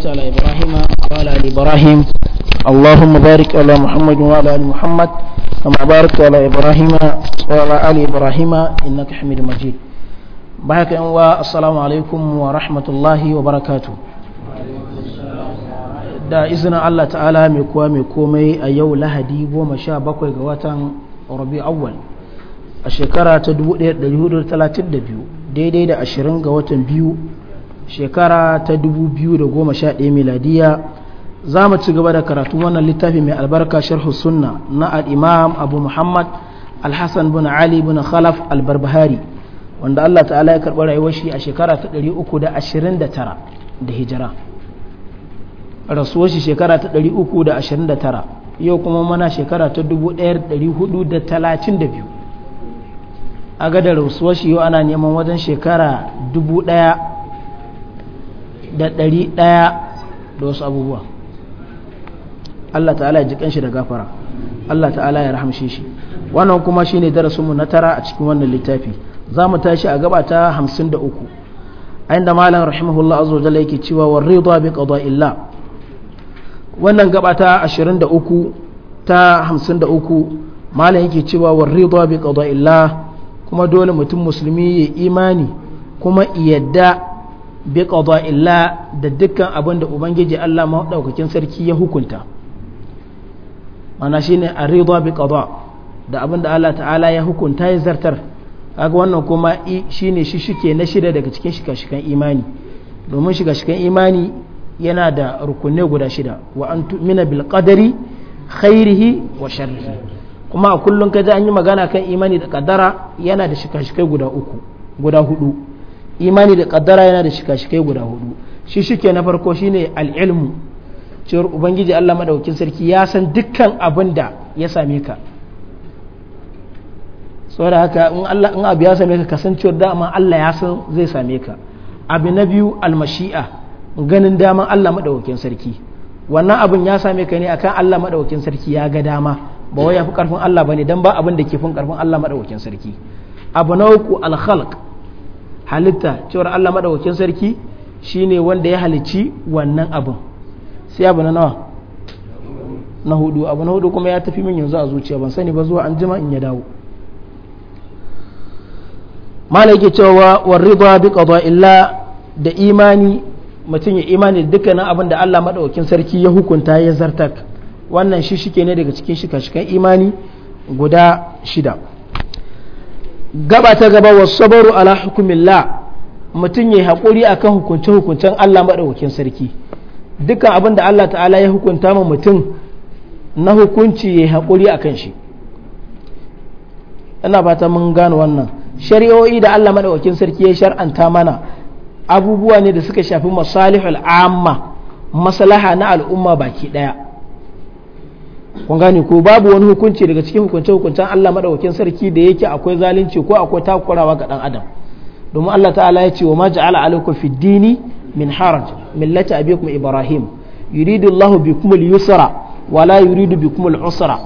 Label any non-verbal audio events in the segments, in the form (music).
صليت على إبراهيم وعلى آل إبراهيم اللهم بارك على محمد وعلى آل محمد كما باركت على إبراهيم وعلى آل إبراهيم إنك حميد مجيد بحك أنواء السلام عليكم ورحمة الله وبركاته da izinin Allah ta'ala mai kowa mai komai a yau lahadi goma sha bakwai ga watan rabi awwal a shekara ta 1432 daidai da 20 ga watan biyu shekara ta 2011 miladiya za mu ci gaba da karatu wannan littafi mai albarka sharhu sunna na al-imam abu muhammad al-hassan bin ali bin khalaf al-barbahari wanda allah ta'ala ya karɓi rayuwar shi a shekara ta 329 da hijira rasuwar shi shekara ta 329 yau kuma mana shekara ta 1432 a gadar rasuwar shi yau ana neman wajen shekara 1000 da ɗari ɗaya da wasu abubuwa Allah ta'ala ya ji shi da gafara Allah ta'ala ya rahamshe shi wannan kuma shine darasinmu na tara a cikin wannan littafi za mu tashi a gaba ta hamsin da uku inda malam rahimahullah azza wa yake cewa wa ridwa bi illa. wannan gaba ta 23 ta uku malam yake cewa wa ridwa bi illa kuma dole mutum musulmi ya imani kuma yadda bi illa da dukkan abin da ubangiji Allah maɗaukakin sarki ya hukunta mana shine arida bi da abin da Allah ta'ala ya hukunta ya zartar kaga wannan kuma shine shi shike na shida daga cikin shika imani domin shiga shikan imani yana da rukunai guda shida wa an tu'mina bil qadari khairihi wa sharrihi kuma a kullum kaji an yi magana kan imani da kadara yana da shika guda uku guda hudu imani da kaddara yana da shika-shikai guda hudu shi shike na farko shine al'ilmu cewar ubangiji Allah madaukin sarki ya san dukkan abin da ya same ka saboda haka in Allah in abu ya same ka kasancewar dama Allah ya san zai same ka abu na biyu almashi'a ganin daman Allah madaukin sarki wannan abin ya same ka ne akan Allah madaukin sarki ya ga dama ba wai ya fi karfin Allah bane dan ba abin da ke fin karfin Allah madaukin sarki abu na uku alkhalq halitta cewar Allah madaukakin sarki shine wanda ya halici wannan abin sai abu na nawa na hudu abu na hudu kuma ya tafi min yanzu a zuciya ban sani ba zuwa an jima in ya dawo malai yake cewa warida bi qada illa da imani mutum ya imani da dukkanin abin da Allah madaukakin sarki ya hukunta ya zartak wannan shi shike ne daga cikin shika-shikan imani guda shida gaba ta gaba wa sabaru ala hukumilla mutum ya haƙuri akan hukunce hukuncen Allah maɗaukakin sarki dukkan abin da Allah ta'ala ya hukunta ma mutum na hukunci ya haƙuri a kan shi ina fata mun gano wannan shari'o'i da Allah maɗaukakin sarki ya shar'anta mana abubuwa ne da suka shafi masalihul amma maslaha na al'umma baki ɗaya kun gane ko babu wani hukunci daga cikin hukunce hukuncen Allah madaukakin sarki da yake akwai zalunci ko akwai takurawa ga dan adam domin Allah ta'ala ya ce wa ma ja'ala alaikum fi dini min haraj millati abikum ibrahim yuridu Allahu bikum al-yusra wa la yuridu bikum al-usra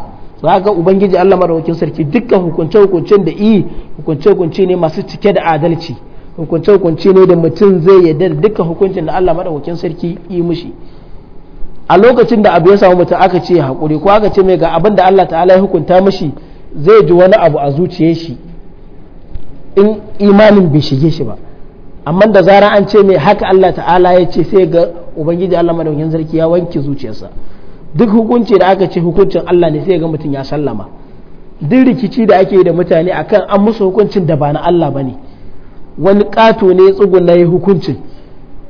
zaka ubangiji Allah madaukakin sarki dukkan hukunce hukuncen da yi hukunce hukunce ne masu cike da adalci hukunce hukunce ne da mutum zai yarda da dukkan hukuncin da Allah madaukakin sarki yi mishi a lokacin da abu ya samu mutum aka ce haƙuri ko aka ce mai ga abin da Allah ta'ala ya hukunta mashi zai ji wani abu a zuciyar shi in imanin bai shige shi ba amma da zara an ce mai haka Allah ta'ala ya ce sai ga ubangiji Allah madaukakin sarki ya wanke zuciyarsa duk hukunci da aka ce hukuncin Allah ne sai ga mutum ya sallama duk rikici da ake yi da mutane akan an musu hukuncin da ba na Allah bane wani kato ne tsugunai na hukuncin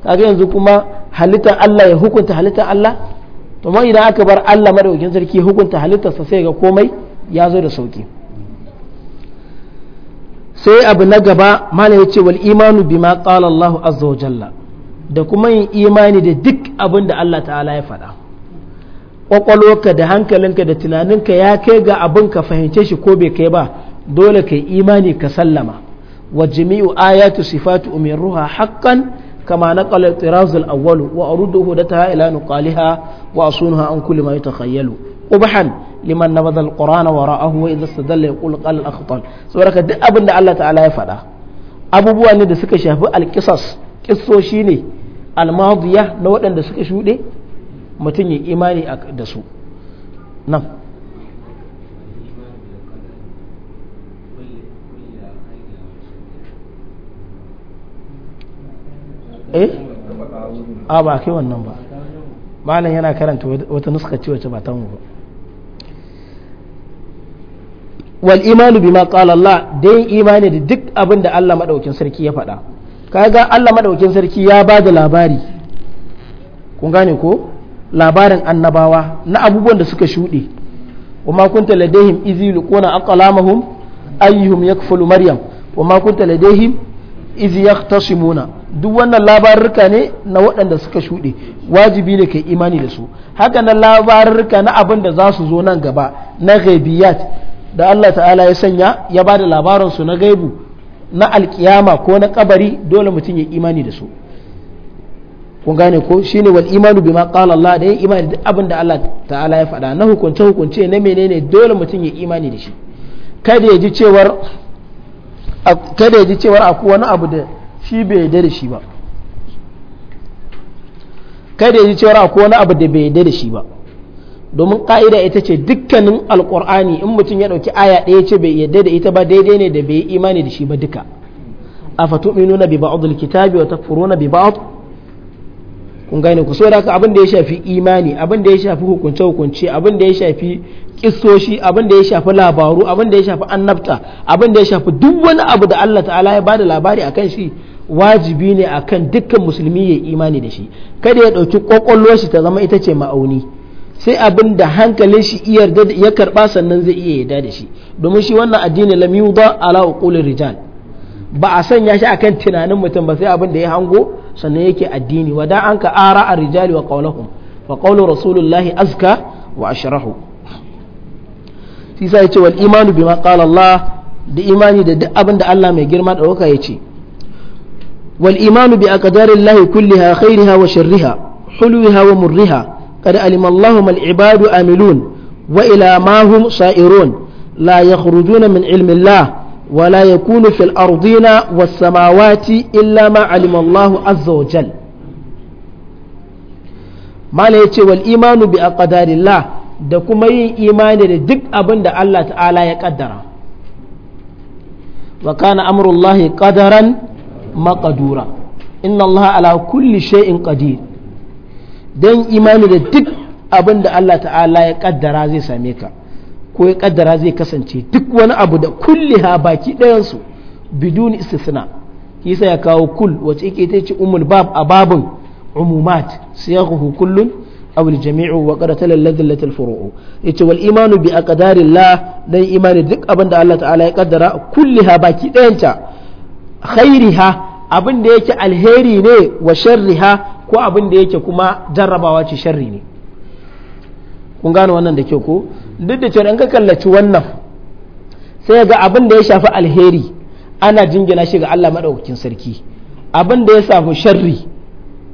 kaga yanzu kuma halittar Allah ya hukunta halittar Allah to ma idan aka bar Allah madaukakin sarki hukunta halittarsa sai ga komai ya zo da sauki sai abu na gaba malam yace wal imanu bima qala Allah azza wa jalla da kuma yin imani da duk abin da Allah ta'ala ya faɗa kwakwalwarka da hankalinka da tunaninka ya kai ga abin ka fahimce shi ko bai kai ba dole ka yi imani ka sallama wa jami'u ayatu sifatu umirruha haqqan كما نقل الطراز الأول وأرد أهدتها إلى نقالها وأصونها عن كل ما يتخيل قبحا liman na bazal qur'ana wa ra'ahu wa idza stadalla yaqul qala al-akhtal saboda duk abin da Allah ta'ala ya faɗa abubuwa ne da suka shafi al-qisas qissoshi ne al-madiya na waɗanda suka shuɗe mutum ya imani da su eh ah, a ba kai wannan ba malam yana karanta wata nuska ce wacce ba ta mu ba wal imanu bima qala Allah dai imani da duk abin da Allah madaukin sarki ya faɗa kaga Allah madaukin sarki ya ba da labari kun gane ko labarin annabawa na abubuwan da suka shuɗe وما كنت لديهم إذ يلقون أقلامهم أيهم يكفل مريم وما كنت لديهم إذ يختصمون duk wannan labarurka ne na waɗanda suka shuɗe wajibi ne kai imani da su haka na labarurka na abin da za su zo nan gaba na ghaibiyat da Allah ta'ala ya sanya ya ba da labarin su na gaibu na alkiyama ko na kabari dole mutum ya imani da su kun gane ko shine wal imanu bima qala Allah da imani da abin da Allah ta'ala ya faɗa na hukunce hukunce na menene dole mutum ya imani da shi kada ya ji cewar kada ya ji cewar akwai wani abu da shi bai yarda da shi ba kai ya ji cewa ko wani abu da bai yarda da shi ba domin ka'ida ita ce dukkanin alkur'ani in mutum ya ɗauki aya ɗaya ce bai yarda da ita ba daidai ne da bai yi imani da shi ba duka a na bi ba'd alkitabi wa na bi ba'ud kun gane ku saboda haka abin da ya shafi imani abin da ya shafi hukunce hukunce abin da ya shafi kissoshi abin da ya shafi labaru abin da ya shafi annabta abin da ya shafi duk wani abu da Allah ta'ala ya bada labari akan shi wajibi ne akan dukkan musulmi ya yi imani da shi kada ya ɗauki ƙwaƙwalwar shi ta zama ita ce ma'auni sai abin da hankalin shi ya karɓa sannan zai iya yarda da shi domin shi wannan addini lam yuda ala uqulir rijal ba a sanya shi akan tunanin mutum ba sai abin da ya hango sannan yake addini wa da an ka ara a rijali wa qawlahum wa qawlu rasulullahi aska wa ashrahu sai sai ce wal imanu bima qala da imani da duk abin da Allah mai girma da ya ce والإيمان بأقدار الله كلها خيرها وشرها حلوها ومرها قد علم الله ما العباد آملون وإلى ما هم سائرون لا يخرجون من علم الله ولا يكون في الأرضين والسماوات إلا ما علم الله عز وجل ما ليتي والإيمان بأقدار الله da kuma yin imani da duk abin da Allah ta'ala ya kaddara wa kana amrullahi qadaran maƙadura inna Allah ala kulli shay'in qadir dan imani da duk abin da Allah ta'ala ya kaddara zai same ka ko ya kaddara zai kasance duk wani abu da kulliha baki ɗayansu bidun istisna kisa ya kawo kul wacce yake ta ci umul bab a babun umumat siyaqahu kullun aw al jami'u wa qad talalladat al furu'u yace wal imanu bi aqdarillah dan imani duk abin da Allah ta'ala ya kaddara ha baki ɗayanta khairiha abin da yake alheri ne wa sharriha ko abin da yake kuma jarrabawa ce sharri ne kun gane wannan da ke ko duk da cewa in ka kallaci wannan sai ga abin da ya shafi alheri ana jingina shi ga Allah madaukakin sarki abin da ya shafi sharri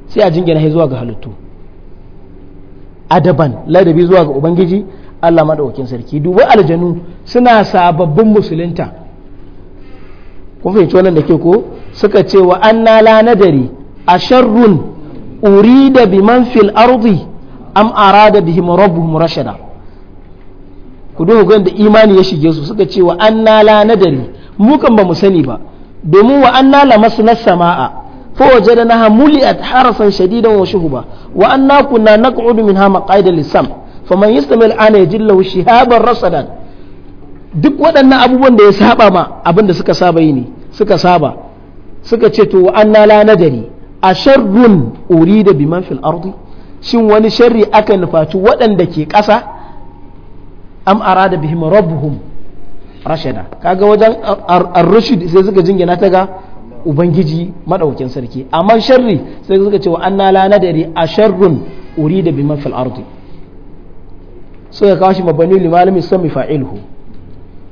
sai a jingina shi zuwa ga halittu adaban ladabi zuwa ga ubangiji Allah madaukakin sarki dubu aljanu suna sababbin musulunta kun fahimci wannan da ke ko suka ce wa anna la nadari a sharrun urida bi man fil ardi am arada bihim rabbuhum rashada ku duhu da imani ya shige su suka ce wa anna la nadari mu kan ba mu sani ba domin wa anna la na samaa fa wajadnaha muliat harasan shadidan wa shuhuba wa anna kunna naq'udu minha maq'ida lisam faman yastamil ana yajillahu shihaban rasadan duk waɗannan abubuwan da ya saba ma abin da suka saba yi ne suka saba suka ce to anna la nadari a sharrun uri da biman fil ardi shin wani sharri aka nufaci waɗanda ke ƙasa am arada bihim rabbuhum rashada kaga wajen ar rashid sai suka jingina ta ga ubangiji madaukin sarki amma sharri sai suka ce wa anna la nadari a sharrun uri da biman fil ardi suka kawo shi mabani limalami sami fa'ilhu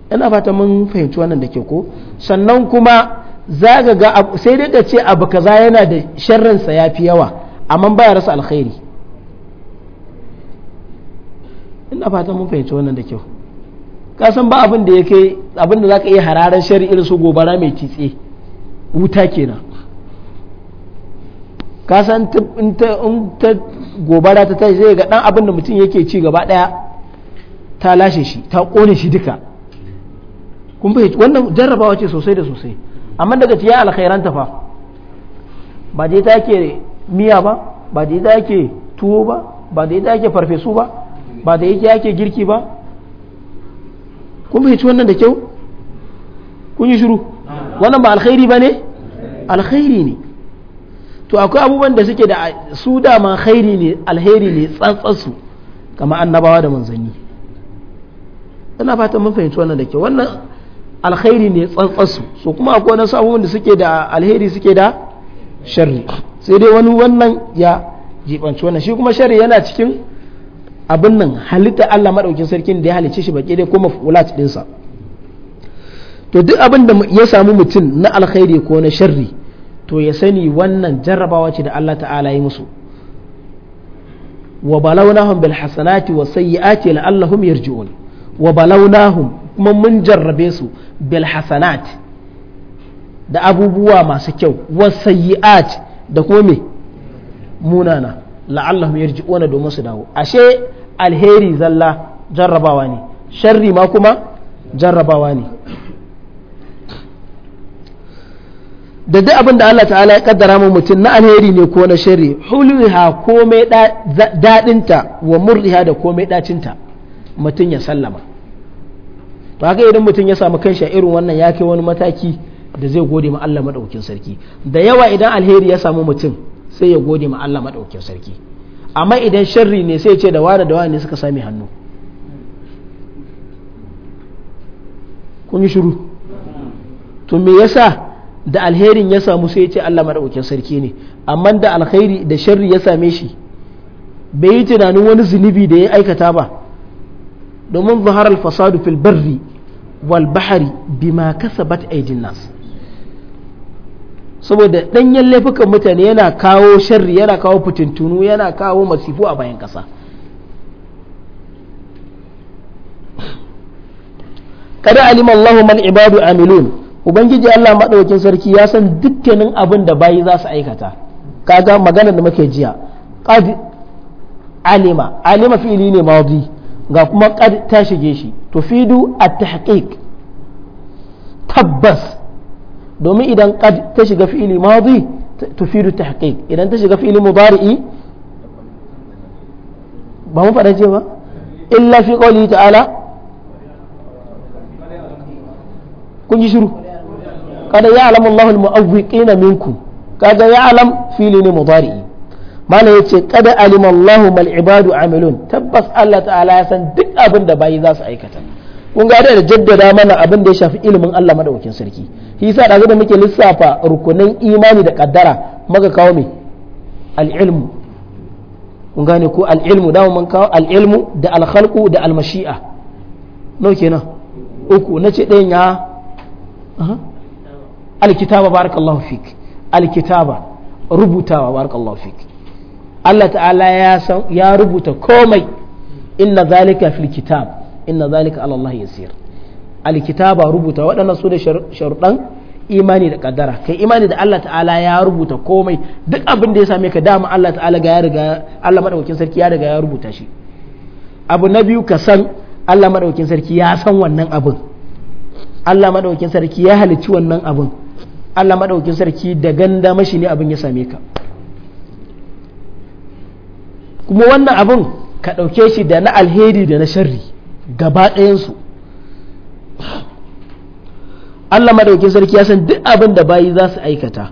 ina fata mun fahimci wannan da ke ko sannan kuma za ga ga sai dai ka ce abu kaza yana da sharrinsa ya fi yawa amma ya rasa alkhairi ina fatan mun fahimci wannan da kyau ka san ba abin da ya kai abin da za ka iya hararan shari'ar su gobara mai titse wuta kenan ka san in ta gobara ta tashi zai ga dan abin da mutum yake ci gaba daya ta lashe shi ta kone shi duka kun fahimci wannan jarrabawa ce sosai da sosai amma daga cikin alkhairanta fa ba da ta yake miya ba ba da ta yake tuwo ba ba da ta yake farfesu ba ba da ita yake girki ba kun fahimci wannan da kyau kun yi shiru wannan ba alkhairi ba ne alkhairi ne to akwai abubuwan da suke da su dama khairi ne alheri ne su kamar annabawa da manzanni ina fatan mun fahimci wannan da kyau wannan alkhairi ne tsantsansu so kuma akwai wani sahu wanda suke da alheri suke da sharri sai dai wani wannan ya jibanci wannan shi kuma sharri yana cikin abin nan halitta Allah madaukin sarkin da ya halicce shi baki dai kuma fulat dinsa to duk abin da ya samu mutum na alkhairi ko na sharri to ya sani wannan jarrabawa ce da Allah ta'ala ya musu wa balawnahum bil hasanati was sayyiati la'allahum yarji'un wa balawnahum kuma mun jarrabe su bil hasanat da abubuwa masu kyau wasayyi'at da kuma me munana la'allahum wani domin su dawo ashe alheri zalla jarrabawa ne sharri ma kuma jarrabawa ne da duk abin da Allah ta'ala ya kaddara mu mutum na alheri ne ko na sharri huluha komai daɗinta wa murriha da komai dacinta mutum ya sallama to ga idan mutum ya samu kanshi a irin wannan ya kai wani mataki da zai gode ma Allah madaukakin sarki da yawa idan alheri ya samu mutum sai ya gode ma Allah madaukakin sarki amma idan sharri ne sai ya ce da wani da wani suka sami hannu kun yi shiru to me yasa da alherin ya samu sai ya ce Allah madaukakin sarki ne amma da alkhairi da sharri ya same shi bai yi tunanin wani zunubi da ya aikata ba domin zahar fasadu fil barri wal bahari bima kasabat aidin nas saboda danyen laifukan mutane yana kawo sharri yana kawo fitintunu yana kawo masifu a bayan kasa kada alima Allahu man ibadu amilun ubangiji Allah maɗaukin sarki ya san dukkanin abin da bayi za su aikata kaga maganar da muke jiya qad alima alima fi'ili ne madi ga kuma qad ta shige shi tufidu at-tahqiq tabbas domin idan qad ta shiga fi'ili madi tufidu tahqiq idan ta shiga fi'ili mudari'i ba mu faɗa ba illa fi qawli ta'ala kun ji shiru kada ya'lamu Allahu al-mu'awwiqina minkum kada ya ya'lam fi'ili mudari'i malam yace qad alima Allahu mal ibadu amilun tabbas Allah ta'ala ya san duk abin da bayi za su aikata kun ga da jaddada mana abin da ya shafi ilimin Allah madaukakin sarki shi yasa da da muke lissafa rukunin imani da kaddara maka kawo me al-ilmu kun gane ko al-ilmu da mun kawo al-ilmu da al-khalqu da al-mashi'a no kenan uku nace ɗayan ya al-kitaba barakallahu fik al-kitaba rubutawa barakallahu fik Allah ta'ala ya rubuta komai inna zalika fil kitab inna zalika ala Allah yasir alkitaba rubuta waɗannan su da sharuɗan imani da kaddara kai imani da Allah ta'ala ya rubuta komai duk abin da ya same ka dama Allah ta'ala ga ya riga Allah madaukakin sarki ya riga ya rubuta shi abu na biyu ka san Allah madaukakin sarki ya san wannan abin Allah madaukakin sarki ya halicci wannan abin Allah madaukakin sarki da ganda mashi ne abin ya same ka kuma wannan abin ka ɗauke shi da na alheri da na sharri gaba ɗayansu Allah madaukin sarki ya san duk abin da bayi za su aikata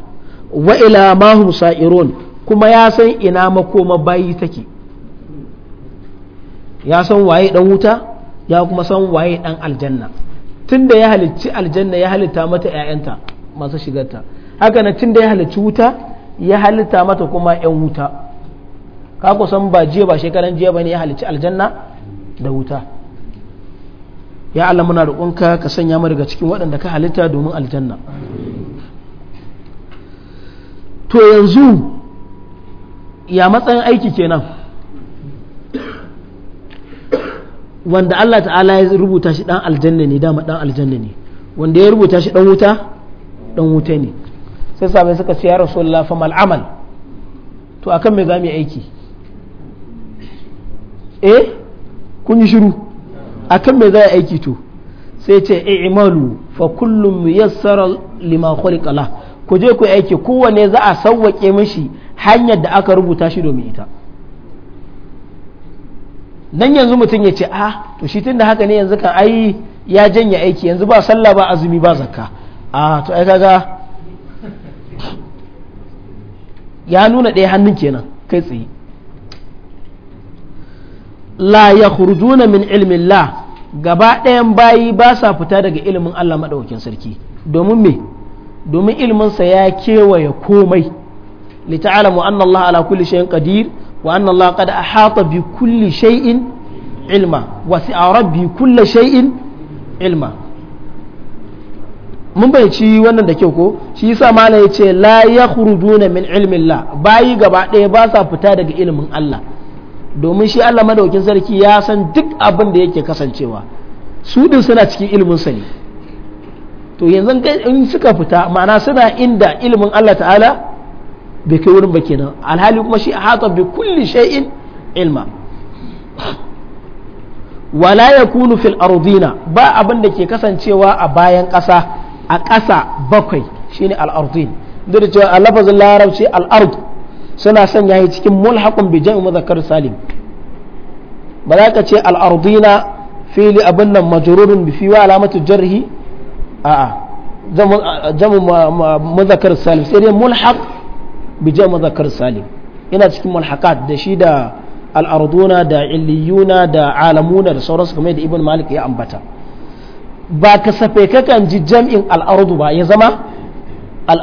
wa ila mahum sa'irun kuma ya san ina makoma bayi take ya san waye dan wuta ya kuma san waye dan aljanna tunda ya halicci aljanna ya halitta mata ƴaƴanta masu shigarta haka na tunda ya halicci wuta ya halitta mata kuma ƴan wuta ka kusan ba jiya ba shekaran jiya ba ne ya halicci aljanna da wuta ya Allah muna roƙonka ka sanya mu daga cikin waɗanda ka halitta domin aljanna to yanzu ya matsayin aiki kenan wanda Allah ta'ala ya rubuta shi dan aljanna ne dama dan aljanna ne wanda ya rubuta shi dan wuta dan wuta ne sai sabai suka ce ya rasulullah fa mal amal to akan me zamu aiki eh kun yi shiru akan me za a aiki to sai ce i'malu fa kullum yassara lima khuliqa ku je ku aiki kowanne za a sawwake mishi hanyar da aka rubuta shi domin ita nan yanzu mutum ya ce a ah, to shi tunda haka ne yanzu kan ai ya janya aiki yanzu ba sallah ba azumi ba zakka a ah, to ai kaga ya nuna ɗaya hannun kenan kai tsaye la ya khurujuna min ilmin la gaba ɗayan bayi ba sa fita daga ilimin Allah maɗaukin sarki domin me domin ilminsa ya kewaye komai lita'alamu anna Allah ala kulli shay'in qadir wa anna Allah qad ahata bi kulli shay'in ilma wa sa'a rabbi kulli shay'in ilma mun ci wannan da kyau ko shi sa yasa ya ce la yakhrujuna min ilmin la bayi gaba ɗaya ba sa fita daga ilimin Allah domin shi Allah madaukin sarki ya san duk abin da yake kasancewa su din suna cikin ilimin sa ne to yanzu in suka fita ma'ana suna inda ilmin Allah ta'ala bai kai wurin ba kenan alhali kuma shi a bi kulli shay'in ilma wala yakunu fil ardina ba abin da ke kasancewa a bayan ƙasa a ƙasa bakwai shine al ardin duk da cewa a lafazin larabci al ard suna sanya yi cikin mulhaqun bi jam'i mudhakkar salim ba za ka ce al fili abin nan majrurun bi fiwa alamatu jarhi a'a jam'u mudhakkar salim sai dai mulhaq bi jam'i mudhakkar salim ina cikin mulhaqat da shi da al'arduna da illiyuna da alamuna da sauransu kamar da ibn malik ya ambata ba kasafai kakan ji jam'in al ba ya zama al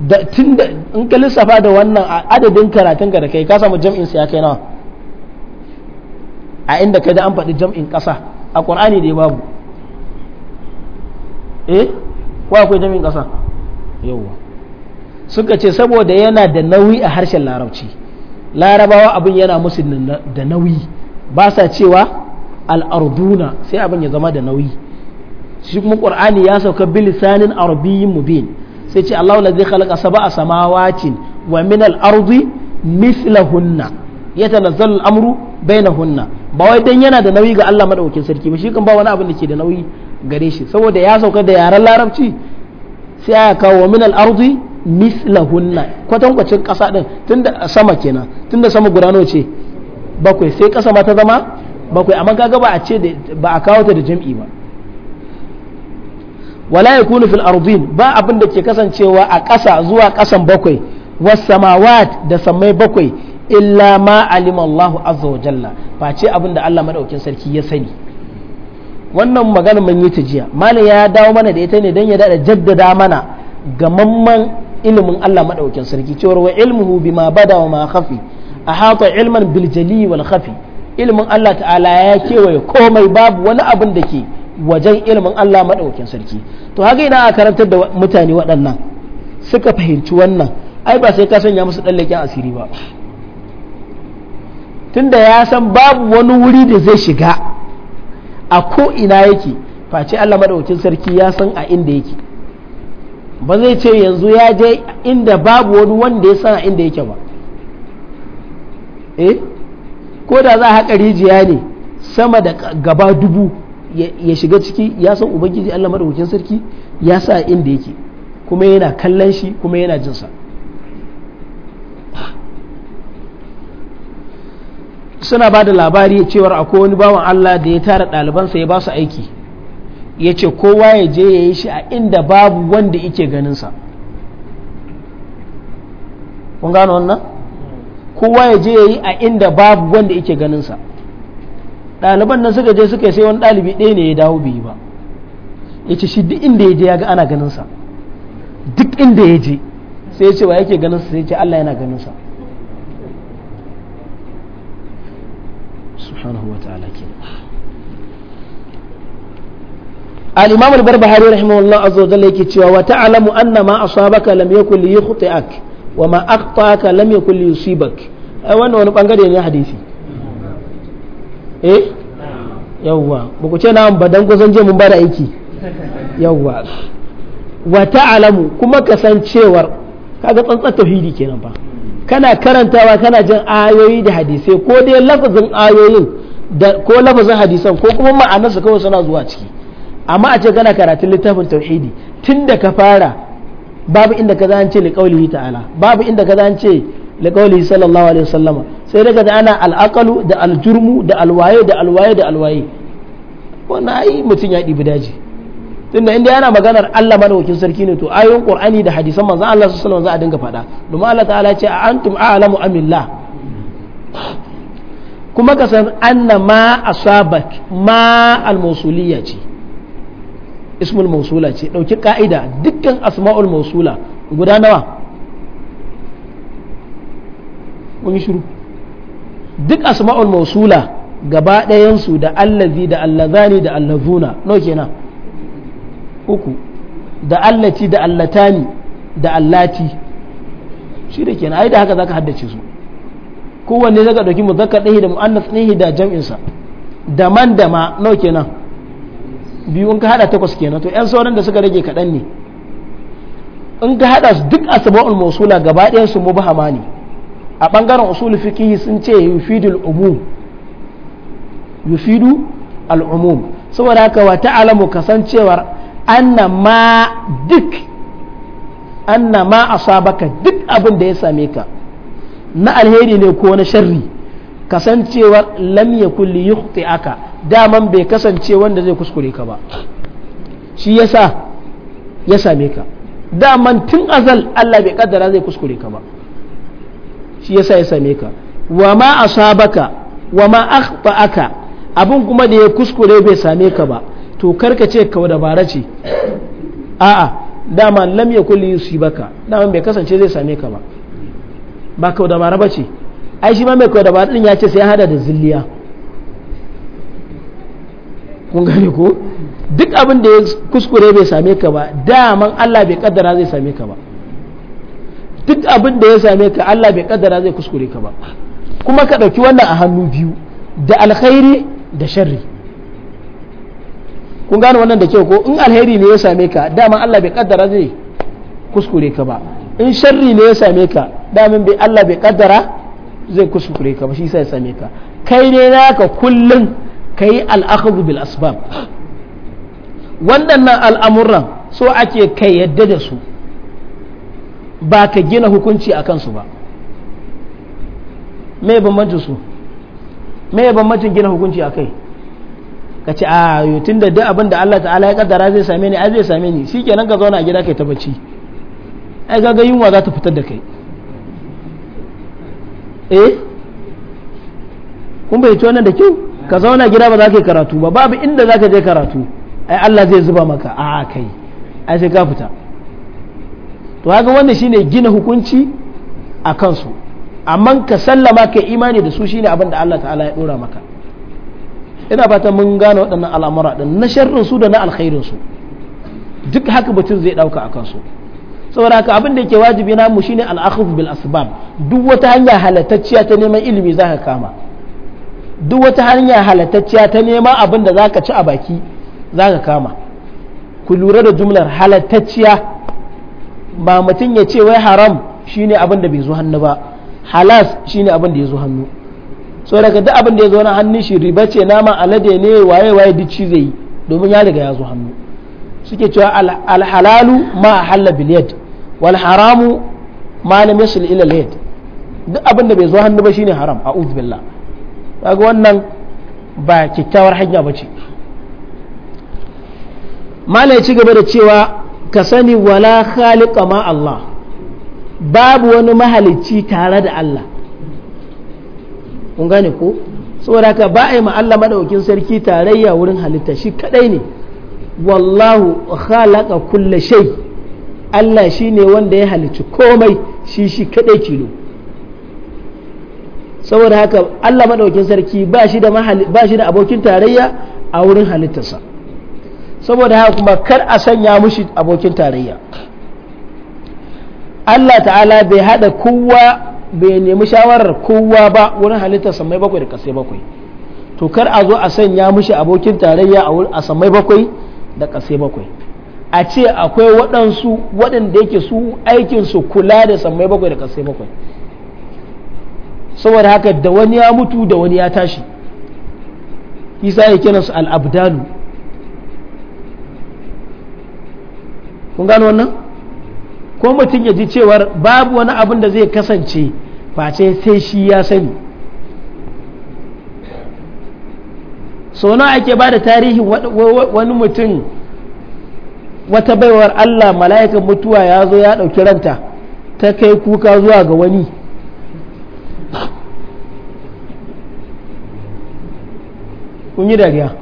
da tun da in ka lissafa da wannan adadin karatun ka da kai ka samu jam'in su ya kai nawa a inda kai da an faɗi jam'in ƙasa a ƙur'ani da babu eh ko akwai jam'in ƙasa yawwa suka ce saboda yana da nauyi a harshen larabci larabawa abin yana musu da nauyi ba sa cewa al'arduna sai abin ya zama da nauyi shi kuma ƙur'ani ya sauka bilisanin arabiyyin mubin sai ce allah wanda zai khalaqa sab'a samawatin wa min al-ardi mithlahunna yatanazzalu al-amru bainahunna ba wai dan yana da nauyi ga Allah madaukakin sarki ba shi kan ba wani abin da ke da nauyi gare shi saboda ya sauka da yaren larabci sai ya kawo min al-ardi kwatan kwatankwacin ƙasa ɗin tunda sama kenan tunda sama gudano ce bakwai sai kasa ma ta zama bakwai amma kaga ba a ce ba a kawo ta da jam'i ba wala yakunu fil ardin ba abin da ke kasancewa a ƙasa zuwa ƙasan bakwai wasamawat da samai bakwai illa ma alima Allah azza wa jalla face abin da Allah madaukin sarki ya sani wannan magana mun yi ta jiya malam ya dawo mana da ita ne dan ya dada jaddada mana gamamman ilimin Allah madaukin sarki cewar wa ilmuhu bima bada wa ma khafi ahata ilman bil jali wal khafi ilimin Allah ta'ala ya kewaye komai babu wani abin da ke wajen ilimin Allah maɗaukin sarki to haka ina a karantar da mutane waɗannan suka fahimci wannan ai ba sai ka sanya musu ɗan leƙen asiri ba tunda ya san babu wani wuri da zai shiga a ko ina yake face Allah maɗaukin sarki ya san a inda yake ba zai ce yanzu ya je inda babu wani wanda ya san a inda yake ba eh ko da za a haƙa rijiya ne sama da gaba dubu ya shiga ciki ya san ubangiji Allah madaukakin sarki ya sa inda yake kuma yana kallon shi kuma yana jin sa suna ba da labari cewar akwai wani bawan Allah da ya tara ɗalibansa ya ba su aiki ya ce kowa ya je ya yi shi a inda babu wanda yake ganinsa kun gano wannan kowa ya je ya yi a inda babu wanda yake ganinsa ɗaliban nan suka je suka sai wani ɗalibi ɗaya ne ya dawo bai yi ba ya ce shi duk inda ya je ya ga ana ganin sa duk inda ya je sai ya ce wa yake ganin sa sai ya ce Allah yana ganin sa subhanahu wa ta'ala ke al-imam al-barbahari rahimahullah azza wa jalla yake cewa wa ta'lamu anna ma asabaka lam yakul li yukhti'ak wa ma akhta'aka lam yakul li yusibak ai wannan wani bangare ne hadisi eh yawwa ba ku ce na ba dan kusan je mun ba da aiki yawwa wa ta'lamu kuma kasancewar kaga tsantsar tauhidi kenan ba kana karantawa kana jin ayoyi da hadisai ko dai lafazin ayoyin da ko lafazin hadisan ko kuma ma'anarsa kawai suna zuwa ciki amma a ce kana karatun littafin tauhidi tun da ka fara babu inda ka zance ce ta'ala babu inda ka zan ce sallallahu alaihi wasallama sai daga da ana al'akalu da aljurmu da alwaye da alwaye da alwaye wannan ai mutum ya ɗibi daji tunda inda yana maganar Allah madaukakin sarki ne to ayoyin Qur'ani da hadisan manzon Allah sallallahu alaihi a dinga faɗa domin Allah ta'ala ce a antum a'lamu amillah kuma ka san anna ma asabak ma al ce ismul mawsula ce dauki ka'ida dukkan asma'ul masula guda nawa wani shiru duk asma'ul mausula gaba ɗayansu da allazi da allazani da allazuna no kenan uku da allati da allatani da allati shi da kenan ai da haka zaka haddace su kowanne zaka dauki muzakkar ɗaya da mu'annas ɗaya da jam'insa da man da ma no kenan biyu in ka hada takwas kenan to yan sauran da suka rage kaɗan ne in ka hada su duk asma'ul mausula gaba ɗayansu mubahama ne a ɓangaren usul fiqh sun ce yufidu umum yufidu al'umum saboda haka wa ta'alamu kasancewar anna ma duk anna ma asabaka duk abin da ya same ka na alheri ne ko na sharri kasancewar lam yakul li yukhti'aka daman bai kasance wanda zai kuskure ka ba shi yasa ya same ka daman tun azal Allah bai kaddara zai kuskure ka ba shi yasa ya same ka wa ma asabaka wa ma akhta'aka abin kuma da ya kuskure bai same ka ba to karka ce ka dabara ce a'a dama lam yakul yusibaka dama bai kasance zai same ka ba ba ka dabara ba ce ai shi ma mai ka dabara din ya ce sai ya hada da zilliya kun gane ko duk abin da ya kuskure bai same ka ba daman Allah bai kaddara zai same ka ba duk abin da ya same ka Allah bai kaddara zai kuskure ka ba kuma ka ɗauki wannan a hannu biyu da alkhairi da sharri kun gane wannan da kyau ko in alheri ne ya same ka dama Allah bai kaddara zai kuskure ka ba in sharri ne ya same ka damin bai Allah bai kaddara zai kuskure ka ba shi yasa ya same ka kai ne naka kullum kai al-akhdhu bil asbab wannan al'amuran so ake kai yadda da su ba ka gina hukunci a kansu ba me bambancin su me bambancin gina hukunci a kai ka ce a ah, yutun da duk abin da Allah ta'ala ya kaddara zai same ni ai zai same ni shi kenan ka zauna a gida kai ta bacci ai ga yunwa za ta fitar da kai eh kun bai tona da kyau ka zauna gida ba za ka yi karatu ba babu inda za ka je karatu ai Allah zai zuba maka a kai ai sai ka fita to haka wanda shine gina hukunci a kansu amma ka sallama ka imani da su shine abin da Allah ta'ala ya ɗora maka ina fata mun gane waɗannan al'amura din na sharrin su da na alkhairin su duk haka mutum zai ɗauka a kansu saboda haka abin da yake wajibi na mu shine al'akhuf bil asbab duk wata hanya halattacciya ta neman ilimi zaka kama duk wata hanya halattacciya ta neman abin da zaka ci a baki zaka kama ku lura da jumlar halattacciya ba mutum ya ce wai haram shine abin da bai zo hannu ba halas shine abin da ya zo hannu so daga duk abin da ya zo na hannun shi riba ce nama alade ne waye waye duk ci zai domin ya riga ya zo hannu suke cewa alhalalu ma halla bil yad wal haramu ma lam yasil ila al yad duk abin da bai zo hannu ba shine haram a'udhu billah kaga wannan ba kikkiawar hanya ba ce malai ci gaba da cewa ka sani wala khaliqa ma Allah babu wani mahalicci tare da Allah kun gane ko saboda haka ba a yi Allah madaukin sarki tarayya wurin halitta shi kadai ne wallahu khalaqa kulle shay Allah shine wanda ya halicci komai shi shi kadai kilo saboda haka Allah madaukin sarki ba shi da abokin tarayya a wurin halittarsa saboda haka kuma kar a sanya mushi abokin tarayya Allah ta'ala bai haɗa kowa bai nemi shawarar kowa ba wurin halittar samai bakwai da kasai bakwai to kar a zo a sanya mushi abokin tarayya a samai bakwai da kasai bakwai a ce akwai waɗansu waɗanda yake su aikinsu kula da samai bakwai da kasai bakwai saboda haka da wani ya mutu da wani ya tashi isa ya kira su al'abdalu kun gano wannan ko mutum ya ji cewar babu wani abin da zai kasance face sai shi ya sani sau nawa ake ba da tarihi wani mutum wata baiwar Allah mala'ikan mutuwa ya zo ya ɗauki ranta ta kai kuka zuwa ga wani kun yi dariya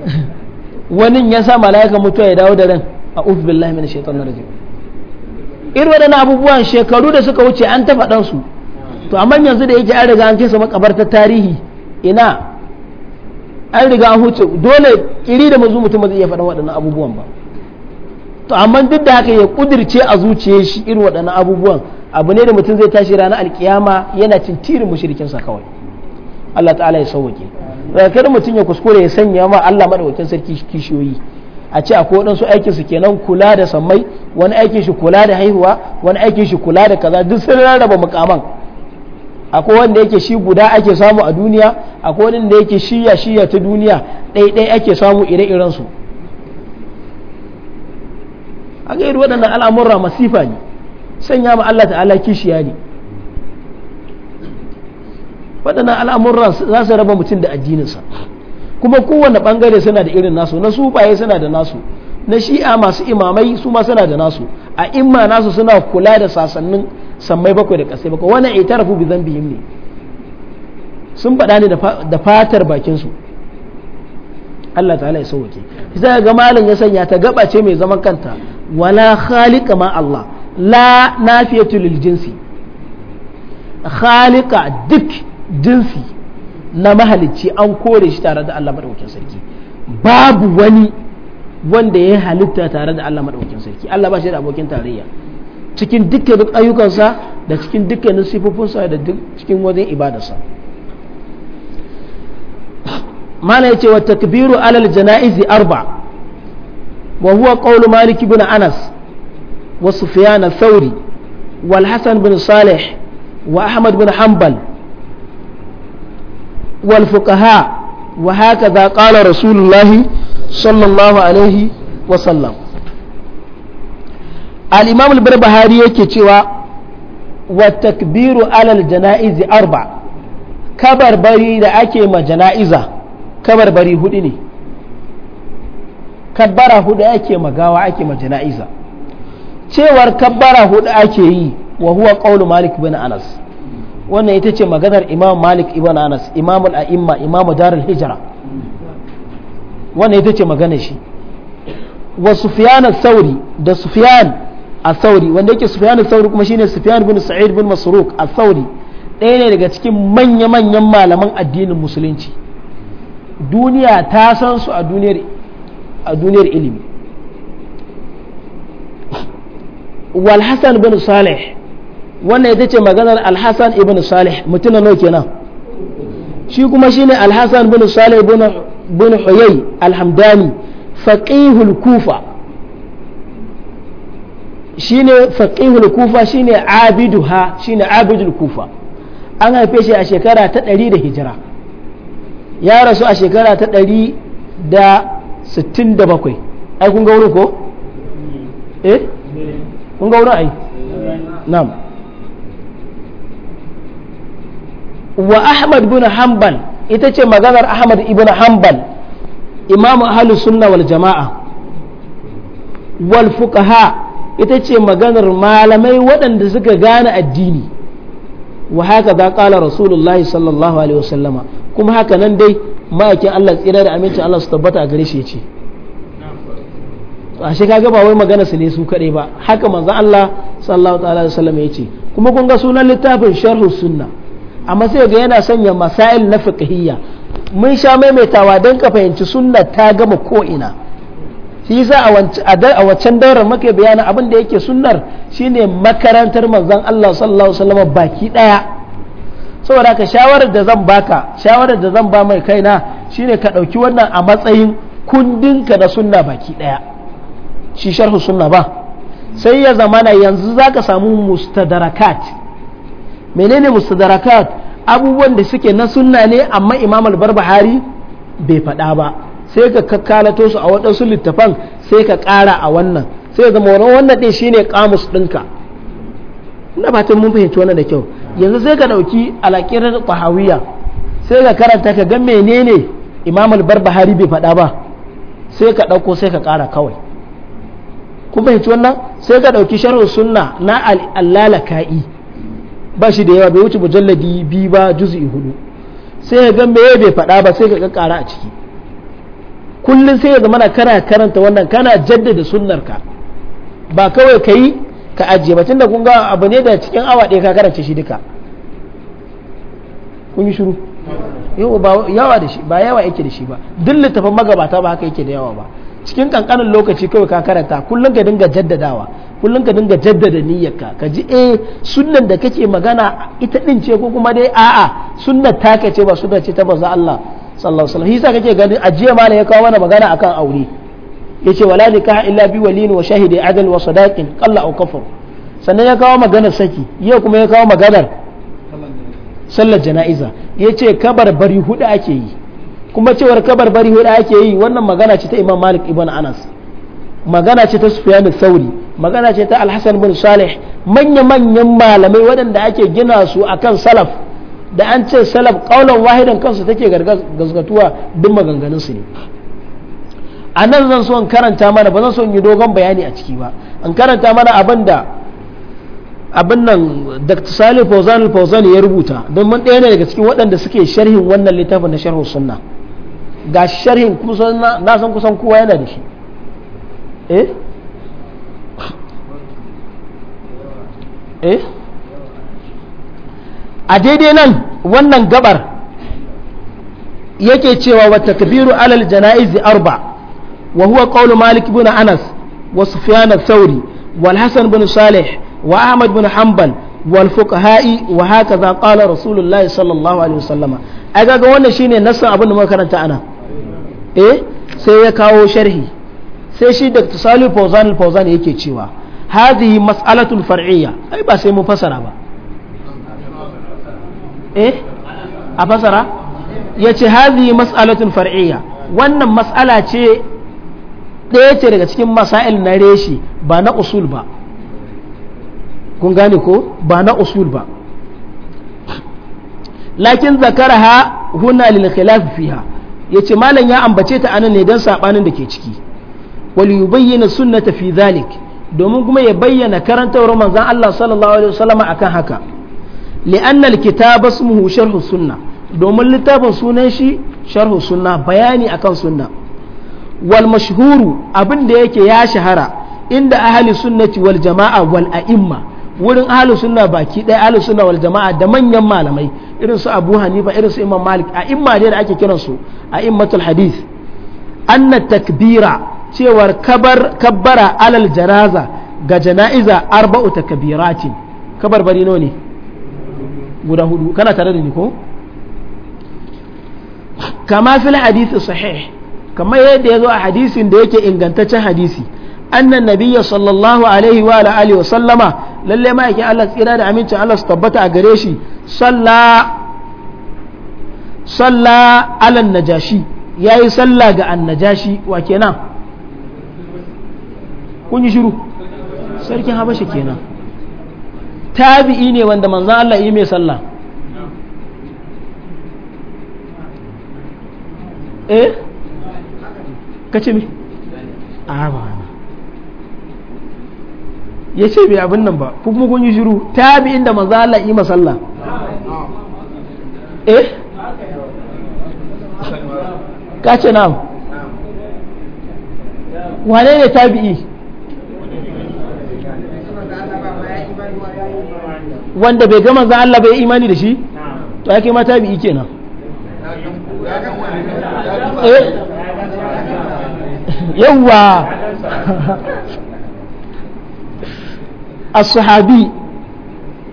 (laughs) wani ya sa mala'ikan mutuwa ya dawo da ran a billahi min shaitan na rajim irin waɗannan abubuwan shekaru da suka wuce an tafa ɗansu to amma yanzu da yake an riga an kisa makabartar tarihi ina an riga an huce dole kiri da mazu mutum zai iya faɗan waɗannan abubuwan ba to amma duk da haka ya kudirce a zuciyar shi irin waɗannan abubuwan abu ne da mutum zai tashi ranar alkiyama yana cin tirin mushrikinsa kawai Allah ta'ala ya sauwake daga kada mutum ya kuskure ya sanya ma Allah madaukakin sarki kishiyoyi a ce akwai waɗansu aikin su kenan kula da sammai wani aikin shi kula da haihuwa wani aikin shi kula da kaza duk sun rarraba mukaman akwai wanda yake shi guda ake samu a duniya akwai wanda yake shiya shiya ta duniya ɗaiɗai ake samu ire-iren su a ga irin waɗannan al'amurra masifa ne sanya ma Allah ta'ala kishiya ne waɗannan al'amurra za su raba mutum da addininsa kuma kowane bangare suna da irin nasu na sufaye suna da nasu na shi'a masu imamai su ma suna da nasu a imma nasu suna kula da sasannin sammai bakwai da kasai bakwai wannan itarafu bi zambihim ne sun faɗa ne da fatar bakin su Allah ta'ala ya sauke sai ga malam ya sanya ta gaba ce mai zaman kanta wala khaliqa ma Allah la nafiyatu lil jinsi khaliqa duk jinsi na mahalicci an kore shi tare da Allah madaukakin sarki babu wani wanda ya halitta tare da Allah madaukakin sarki Allah ba shi da abokin tarayya cikin dukkanin ayyukansa da cikin dukkanin sifofinsa da duk cikin wajen ibadarsa mana ya ce wa takbiru alal jana'izi arba wa huwa qawlu malik ibn anas wa sufyan thawri wal hasan bin salih wa ahmad bin hanbal والفقهاء وهكذا قال رسول الله صلى الله عليه وسلم الإمام البربهاري يكتوى والتكبير على الجنائز أربع كبر بري لأكي ما جنائزة كبر بري هدني kabbara hudu ake magawa ake ma jana'iza cewar kabbara hudu ake yi wa huwa qawlu malik bin anas wannan ita ce maganar imam malik ibn anas imamul a'imma imamu darul hijra wannan ita ce maganar shi wa sufyan sauri da sufyan as-sauri wanda yake sufyan as-sauri kuma shine sufyan bin sa'id bin masruq as-sauri ɗaya ne daga cikin manya-manyan malaman addinin musulunci duniya ta san su a duniyar a duniyar ilimi wal hasan bin salih wannan ita ce maganar alhassan ibn salih mutum ke kenan shi kuma shi ne alhassan ibn salih ibn huyay alhamdani faqihul kufa ne faqihul kufa shine abiduha ne abidul kufa an haife shi a shekara ta ɗari da hijira ya rasu a shekara ta 167 ai kun ga wurin ko eh kun ga ai na'am wa ahmad bin hanbal ita ce maganar ahmad ibn hanbal imam ahlus sunna wal jama'a wal fuqaha ita ce maganar malamai waɗanda suka gane addini wa haka za ƙala rasulullahi sallallahu alaihi wasallama kuma haka nan dai ma'aikin Allah tsira da aminci Allah su tabbata a gare shi ya ce a shi kaga ba wai magana su ne su kaɗai ba haka manzo Allah sallallahu alaihi wasallama ya kuma kun ga sunan littafin sharhus sunnah amma sai ga yana sanya masail na fiqhiyya mun sha maimaitawa don ka fahimci sunna ta gama ko ina shi yasa a waccan daurar maka bayanin abin da yake sunnar shine makarantar manzon Allah sallallahu alaihi wasallam baki daya saboda haka shawarar da zan baka shawarar da zan ba mai kaina shine ka ɗauki wannan a matsayin kundinka na sunna baki daya shi sharhu sunna ba sai ya zamana yanzu zaka samu mustadarakat menene mustadarakat abubuwan da suke na sunna ne amma imam al-barbahari bai faɗa ba sai ka kakkalato su a waɗansu littafan sai ka ƙara a wannan sai zama wani wannan ɗin shine kamus ɗinka na fatan mun fahimci wannan da kyau yanzu sai ka ɗauki alaƙirar tahawiyya sai ka karanta ka ga menene imam al-barbahari bai faɗa ba sai ka ɗauko sai ka ƙara kawai kun fahimci wannan sai ka ɗauki sharhu sunna na al-lalaka'i ba shi da yawa bai wuce mujalladi biyu ba juz'i hudu sai ya ga meye bai faɗa ba sai ka ƙara a ciki kullum sai ya zama na kana karanta wannan kana jaddada sunnar ka ba kawai ka yi ka ajiye ba tunda kun ga abu ne da cikin awa ɗaya ka karanta shi duka kun yi shiru ba yawa da shi ba yawa yake da shi ba duk littafin magabata ba haka yake da yawa ba cikin kankanin lokaci kawai ka karanta kullum ka dinga jaddadawa kullum ka dinga jaddada niyyarka ka ji eh sunnan da kake magana ita din ce ko kuma dai a'a sunnar taka ce ba sunnar ce ta manzo Allah sallallahu alaihi wasallam yasa kake ganin ajiya malam ya kawo mana magana akan aure yace wala nikaha illa bi waliyin wa shahidi adal wa sadaqin qalla aw kafar sannan ya kawo maganar saki yau kuma ya kawo maganar sallar jana'iza yace kabar bari hudu ake yi kuma cewar kabar bari hudu ake yi wannan magana ce ta Imam Malik ibn Anas magana ce ta sufiyan sauri magana ce ta alhassan bin Salih manya-manyan malamai waɗanda ake gina su akan salaf da an ce salaf kaulan wahidan kansu take gargazgatuwa duk maganganun su ne a nan zan so in karanta mana ba zan so in yi dogon bayani a ciki ba in karanta mana abin da abin nan Dr. Salih Fauzan Fauzan ya rubuta don mun ɗaya ne daga cikin waɗanda suke sharhin wannan littafin na sharhu sunna ga sharhin kusan na san kusan kowa yana da shi eh eh a daidai nan wannan gabar yake cewa wata takbiru alal janaizi arba wa huwa qawlu malik ibn anas wa sufyan ath-thawri wal hasan ibn salih wa ahmad ibn hanbal wal fuqaha'i wa hakaza qala rasulullahi sallallahu alaihi wasallam ai ga wannan shine nasan abin da muka karanta ana eh sai ya kawo sharhi sai shi da salih fauzan fauzan yake cewa hadhihi mas'alatul far'iyya ai ba sai mu fasara ba eh a fasara yace hadhihi mas'alatul far'iyya wannan mas'ala ce ɗaya ce daga cikin masail na reshi ba na usul ba kun gane ko ba na usul ba lakin zakaraha huna lil khilaf fiha yace malam ya ambace ta anan ne dan sabanin da ke ciki wal yubayyana sunnata fi zalik domin kuma ya bayyana karantawar manzon Allah sallallahu alaihi wasallam akan haka li'anna al-kitaba ismuhu sharh domin littafin sunan shi sharh sunna bayani akan sunna wal mashhuru abin da yake ya shahara inda ahli sunnati wal jama'a wal a'imma wurin ahli sunna baki ɗaya ahli sunna wal jama'a da manyan malamai irin su Abu Hanifa irin su Imam Malik a'imma dai da ake kiransu a'immatul hadith anna takbira cewar kabbara alal janaza ga jana'iza arba'u takbiratin kabarbari nawa ne guda hudu kana tare da ni ko kama fil hadisi sahih Kama yadda ya zo a hadisin da yake ingantaccen hadisi annan nabiyya sallallahu alaihi wa alihi wa sallama lalle ma yake Allah tsira da amincin Allah su tabbata a gare shi Sallah salla alan najashi yayi sallah ga annajashi wa kenan kun yi shiru sarkin habasha kenan tabi'i ne wanda manzan Allah yi mai sallah eh kace me a ba ya ce bai abin nan ba kuma kun yi shiru tabi'in da manzan Allah yi masalla eh kace na wane ne tabi'i wanda bai gama manzon Allah bai imani da shi to yake ma tabi'i kenan eh. yawwa as-sahabi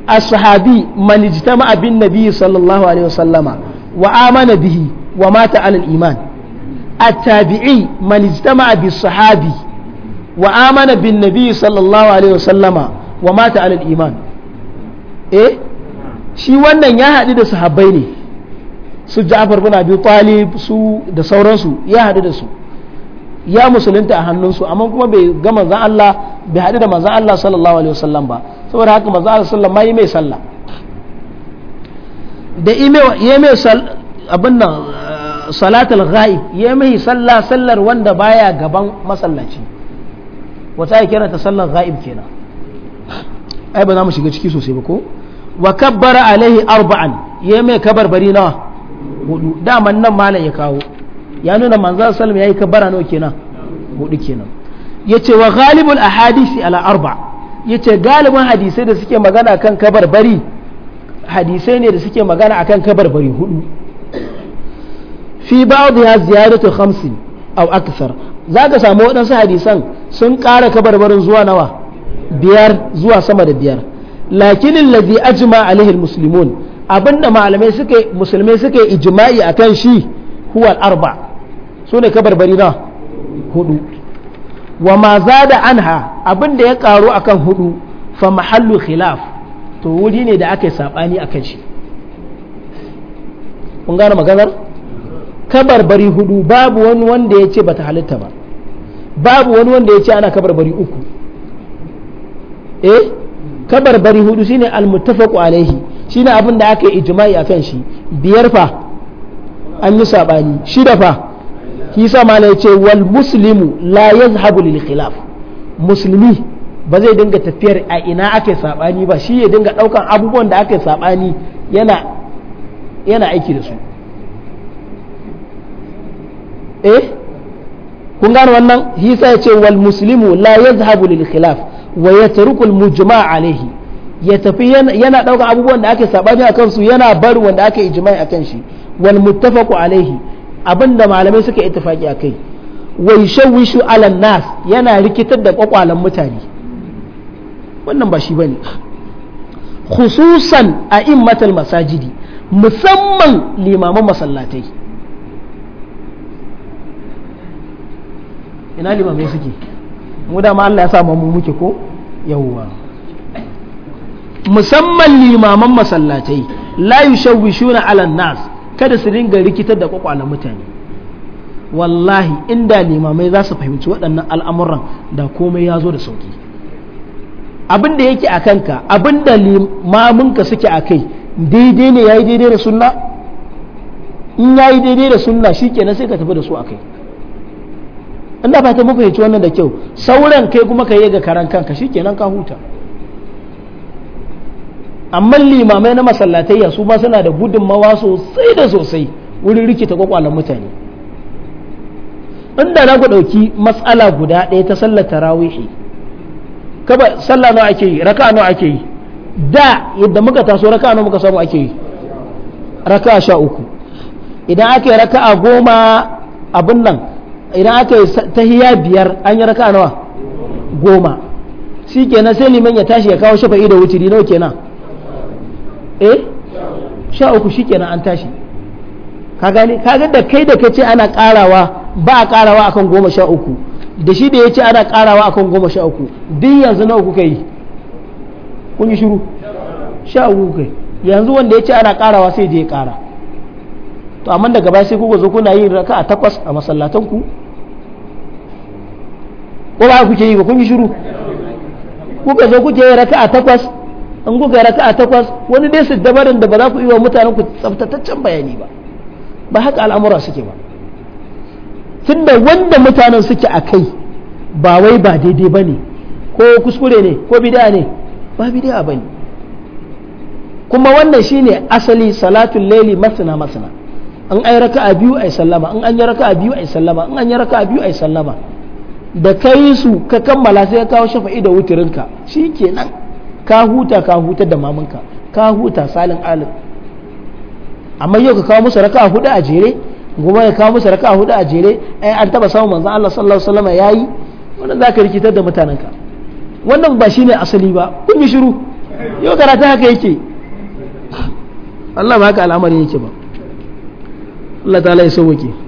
as-sahabi man ijtama abin nabi sallallahu alaihi wasallama wa amana bihi wa mata ala al-iman at-tabi'i man ijtama bis-sahabi wa amana bin nabi sallallahu alaihi wasallama wa mata ala al-iman eh shi wannan ya haɗu da sahabbai ne su ja'far bin abi talib su da sauransu ya haɗu da su ya musulunta a hannunsu amma kuma bai ga manzon Allah bai haɗu da manzon Allah sallallahu alaihi wasallam ba saboda haka manzon Allah sallallahu alaihi wasallam mai sallah da ya mai abin nan eh, salatul ghaib ya mai sallah sallar wanda baya gaban masallaci wata ya kira ta sallar ghaib kenan ai ba za mu shiga ciki sosai ba ko wa kabbara alaihi arba'an ya mai kabarbari nawa hudu daman nan malam ya kawo ya nuna manzo sallam yayi kabara nawa kenan hudu kenan yace wa ghalibul ahadisi ala arba yace galibin hadisai da suke magana kan kabarbari hadisai ne da suke magana akan kabarbari hudu fi ba'dha ziyaratu 50 aw akthar zaka samu waɗansu hadisan sun ƙara kabarbarin zuwa nawa biyar zuwa sama da biyar lakinin ladhi ajma alaihi almuslimun abinda malamai suka musulmai suka ijma'i akan shi huwa al-arba sune kabarbari na hudu wa ma za da anha abinda ya karu akan hudu fa mahallu khilaf to wuri ne da aka yi sabani kan shi kun gane maganar kabarbari hudu babu wani wanda ya ce bata halitta ba babu wani wanda ya ce ana kabarbari uku eh kabarbari hudu shine almuttafaqu alaihi shine abin da aka yi ijma'i kan shi biyar fa an yi sabani shida fa kisa mala ce wal muslimu la yazhabu lil khilaf musulmi ba zai dinga tafiyar a ina ake sabani ba shi ya dinga daukan abubuwan da ake sabani yana yana aiki da su eh kun gane wannan hisa ce wal muslimu la yazhabu lil khilaf wa ya tarukul mujma alaihi ya tafi yana ɗaukar abubuwan da ake saɓani a kansu yana bar wanda ake ijimai a kan shi wal muttafaqu alaihi abinda malamai suka ittifaki a kai wa yashwishu ala nas yana rikitar da kwakwalan mutane wannan ba shi bane khususan a immatal masajidi musamman limaman masallatai ina limamai suke mu da Allah ya sa mu muke ko yawwa musamman limaman masallatai la yushawishuna ala nas kada su ringa rikitar da kwakwalan mutane wallahi inda limamai za su fahimci waɗannan al'amuran da komai ya zo da sauki abin da yake a kanka abin da limaminka suke a kai daidai ne ya yi daidai da sunna in ya yi daidai da sunna shi kenan sai ka tafi da su a kai ina fata mu fahimci wannan da kyau sauran kai kuma ka yi ga karan kanka kenan ka huta amma limamai na masallatayya su ma suna da gudunmawa sosai da sosai wurin rikita kwakwalan mutane inda na ku ɗauki matsala guda ɗaya ta sallar tarawihi kaba sallah nawa ake yi raka nawa ake yi da yadda muka taso raka nawa muka samu ake yi raka sha uku idan ake a goma abin nan idan aka yi tahiya biyar an yi raka nawa goma shi kenan sai liman ya tashi ya kawo shafa'i da wuturi nawa kenan eh sha uku shi kenan an tashi ka gani kaga da kai da kace ana karawa ba a karawa akan goma sha uku da shi da ya ce ana karawa akan goma sha uku duk yanzu nawa kuka yi kun yi shiru sha uku kai yanzu wanda ya ce ana karawa sai je ya kara to amma daga baya sai kuka zo kuna yin raka'a takwas a masallatanku ko ba kuke yi ba kun yi shiru kuka zo kuke yi raka'a takwas an kuka raka'a takwas wani dai su dabarin da ba za ku yi wa mutanen ku tsaftataccen bayani ba ba haka al'amura suke ba tunda wanda mutanen suke a kai ba wai ba daidai ba ne ko kuskure ne ko bid'a ne ba bid'a ba ne kuma wannan shine asali salatul laili masana masana an ayi raka'a biyu yi sallama an an yi raka'a biyu ai sallama an an yi raka'a biyu ai sallama da ka yi su ka kammala sai ka kawo shafa'i da wutirinka shi nan ka huta ka huta da mamanka ka huta salin alim amma yau ka kawo musu raka hudu a jere gobe ka kawo musu raka hudu a jere ai an taba samun manzon Allah sallallahu alaihi wasallam yayi wannan zaka rikitar da mutanenka wannan ba shine asali ba kun yi shiru yau karatu haka yake Allah ba haka al'amari yake ba Allah ta'ala ya sauke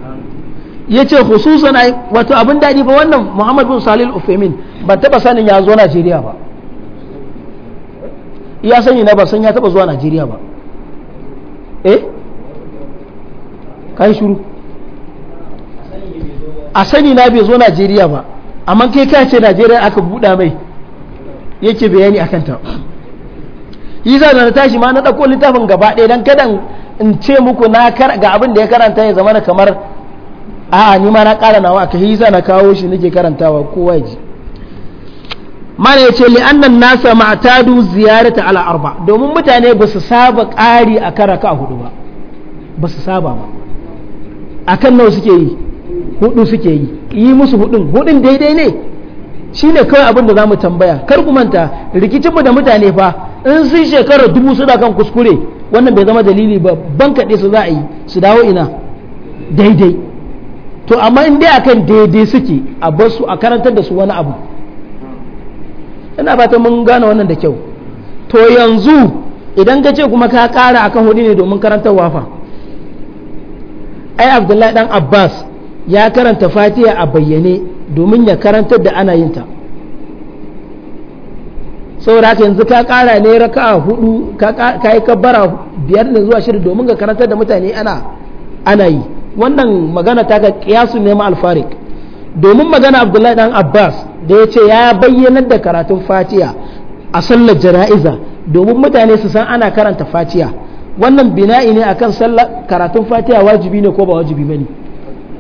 ya ce hususan wato abin daɗi ba wannan muhammad bin salil ufemin ba taɓa sanin ya zo najeriya ba ya sani na ba san ya taɓa zuwa najeriya ba eh kai shuru a sani na bai zo najeriya ba amma kai ka ce najeriya aka buɗa mai yake bayani a ta yi za na tashi ma na ɗauko littafin gaba ɗaya don kada in ce muku na ga abin da ya karanta ya zama kamar a'a ni ma na ƙara nawa aka yi, na kawo shi nake karantawa kowa ji mana yace li annan nasa ma'tadu ziyarata ala arba domin mutane ba su saba ƙari a karaka hudu ba ba su saba ba akan nawa suke yi hudu suke yi yi musu hudun hudun daidai ne shine kawai abin da za mu tambaya kar ku manta rikicinmu da mutane fa in sun shekara dubu suna kan kuskure wannan bai zama dalili ba ban kaɗe su za a yi su dawo ina daidai to amma in dai akan daidai suke a bar su a karantar da su wani abu ina ta mun gane wannan da kyau to yanzu idan ka ce kuma ka kara akan hudu ne domin karantar wafa ai abdullahi dan abbas ya karanta fatiha a bayyane domin ya karantar da ana yin ta saboda haka yanzu ka kara ne raka hudu ka yi kabbara biyar da zuwa shirin domin ka karantar da mutane ana ana yi wannan magana ta ga kiyasu ne ma alfarik domin magana abdullahi dan abbas da ya ce ya bayyanar da karatun fatiya a sallar jana'iza domin mutane su san ana karanta fatiya wannan bina'i ne akan sallar karatun fatiya wajibi ne ko ba wajibi bane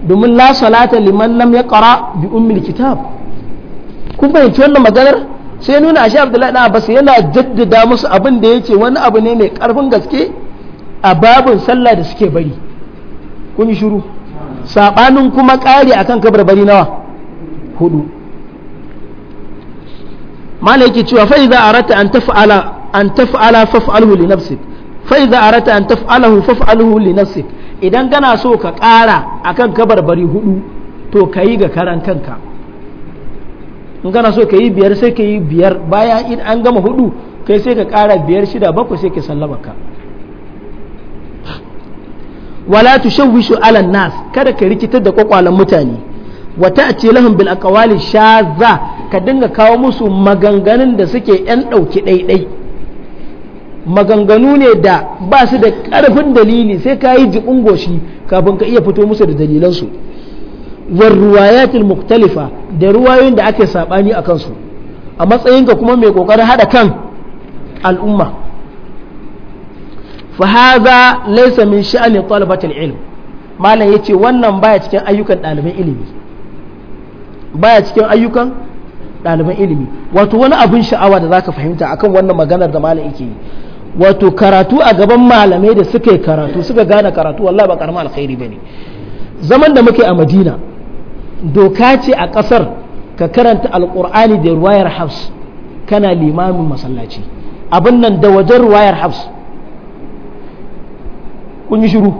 domin la salata liman lam yaqra bi ummil kitab kun fahimci wannan maganar sai nuna ashe abdullahi dan abbas yana jaddada musu abin da yake wani abu ne mai karfin gaske a babin sallah da suke bari kun yi shuru sabanin kuma ƙari akan kabarbari nawa hudu mala yake cewa fa idza arata an taf'ala an taf'ala faf'alhu li nafsik fa idza arata an taf'alahu faf'alhu li nafsik idan kana so ka ƙara akan kabarbari hudu to kayi ga karan kanka in kana so kayi biyar sai kayi biyar bayan in an gama hudu kai sai ka ƙara biyar shida bakwai sai ka sallama ka wala tushawwishu ala nas kada ka rikitar da kwakwalan mutane wa ta'ti lahum bil aqwali shadha ka dinga kawo musu maganganun da suke yan ɗauki ɗaiɗai maganganu ne da ba su da ƙarfin dalili sai ka yi jibin goshi kafin ka iya fito musu da dalilansu war ruwayatil muktalifa da ruwayoyin da ake saɓani a kansu a matsayinka kuma mai ƙoƙarin haɗa kan al'umma fahaza haza laysa min sha'ani talabatil ilm malam yace wannan baya cikin ayyukan ɗaliban ilimi baya cikin ayyukan ɗaliban ilimi wato wani abin sha'awa da zaka fahimta akan wannan maganar da malam yake yi wato karatu a gaban malamai da suka yi karatu suka gane karatu wallahi ba karama alkhairi bane zaman da muke a madina doka ce a kasar ka karanta alkur'ani da ruwayar hafs kana limamin masallaci abin nan da wajen ruwayar hafs kun yi shiru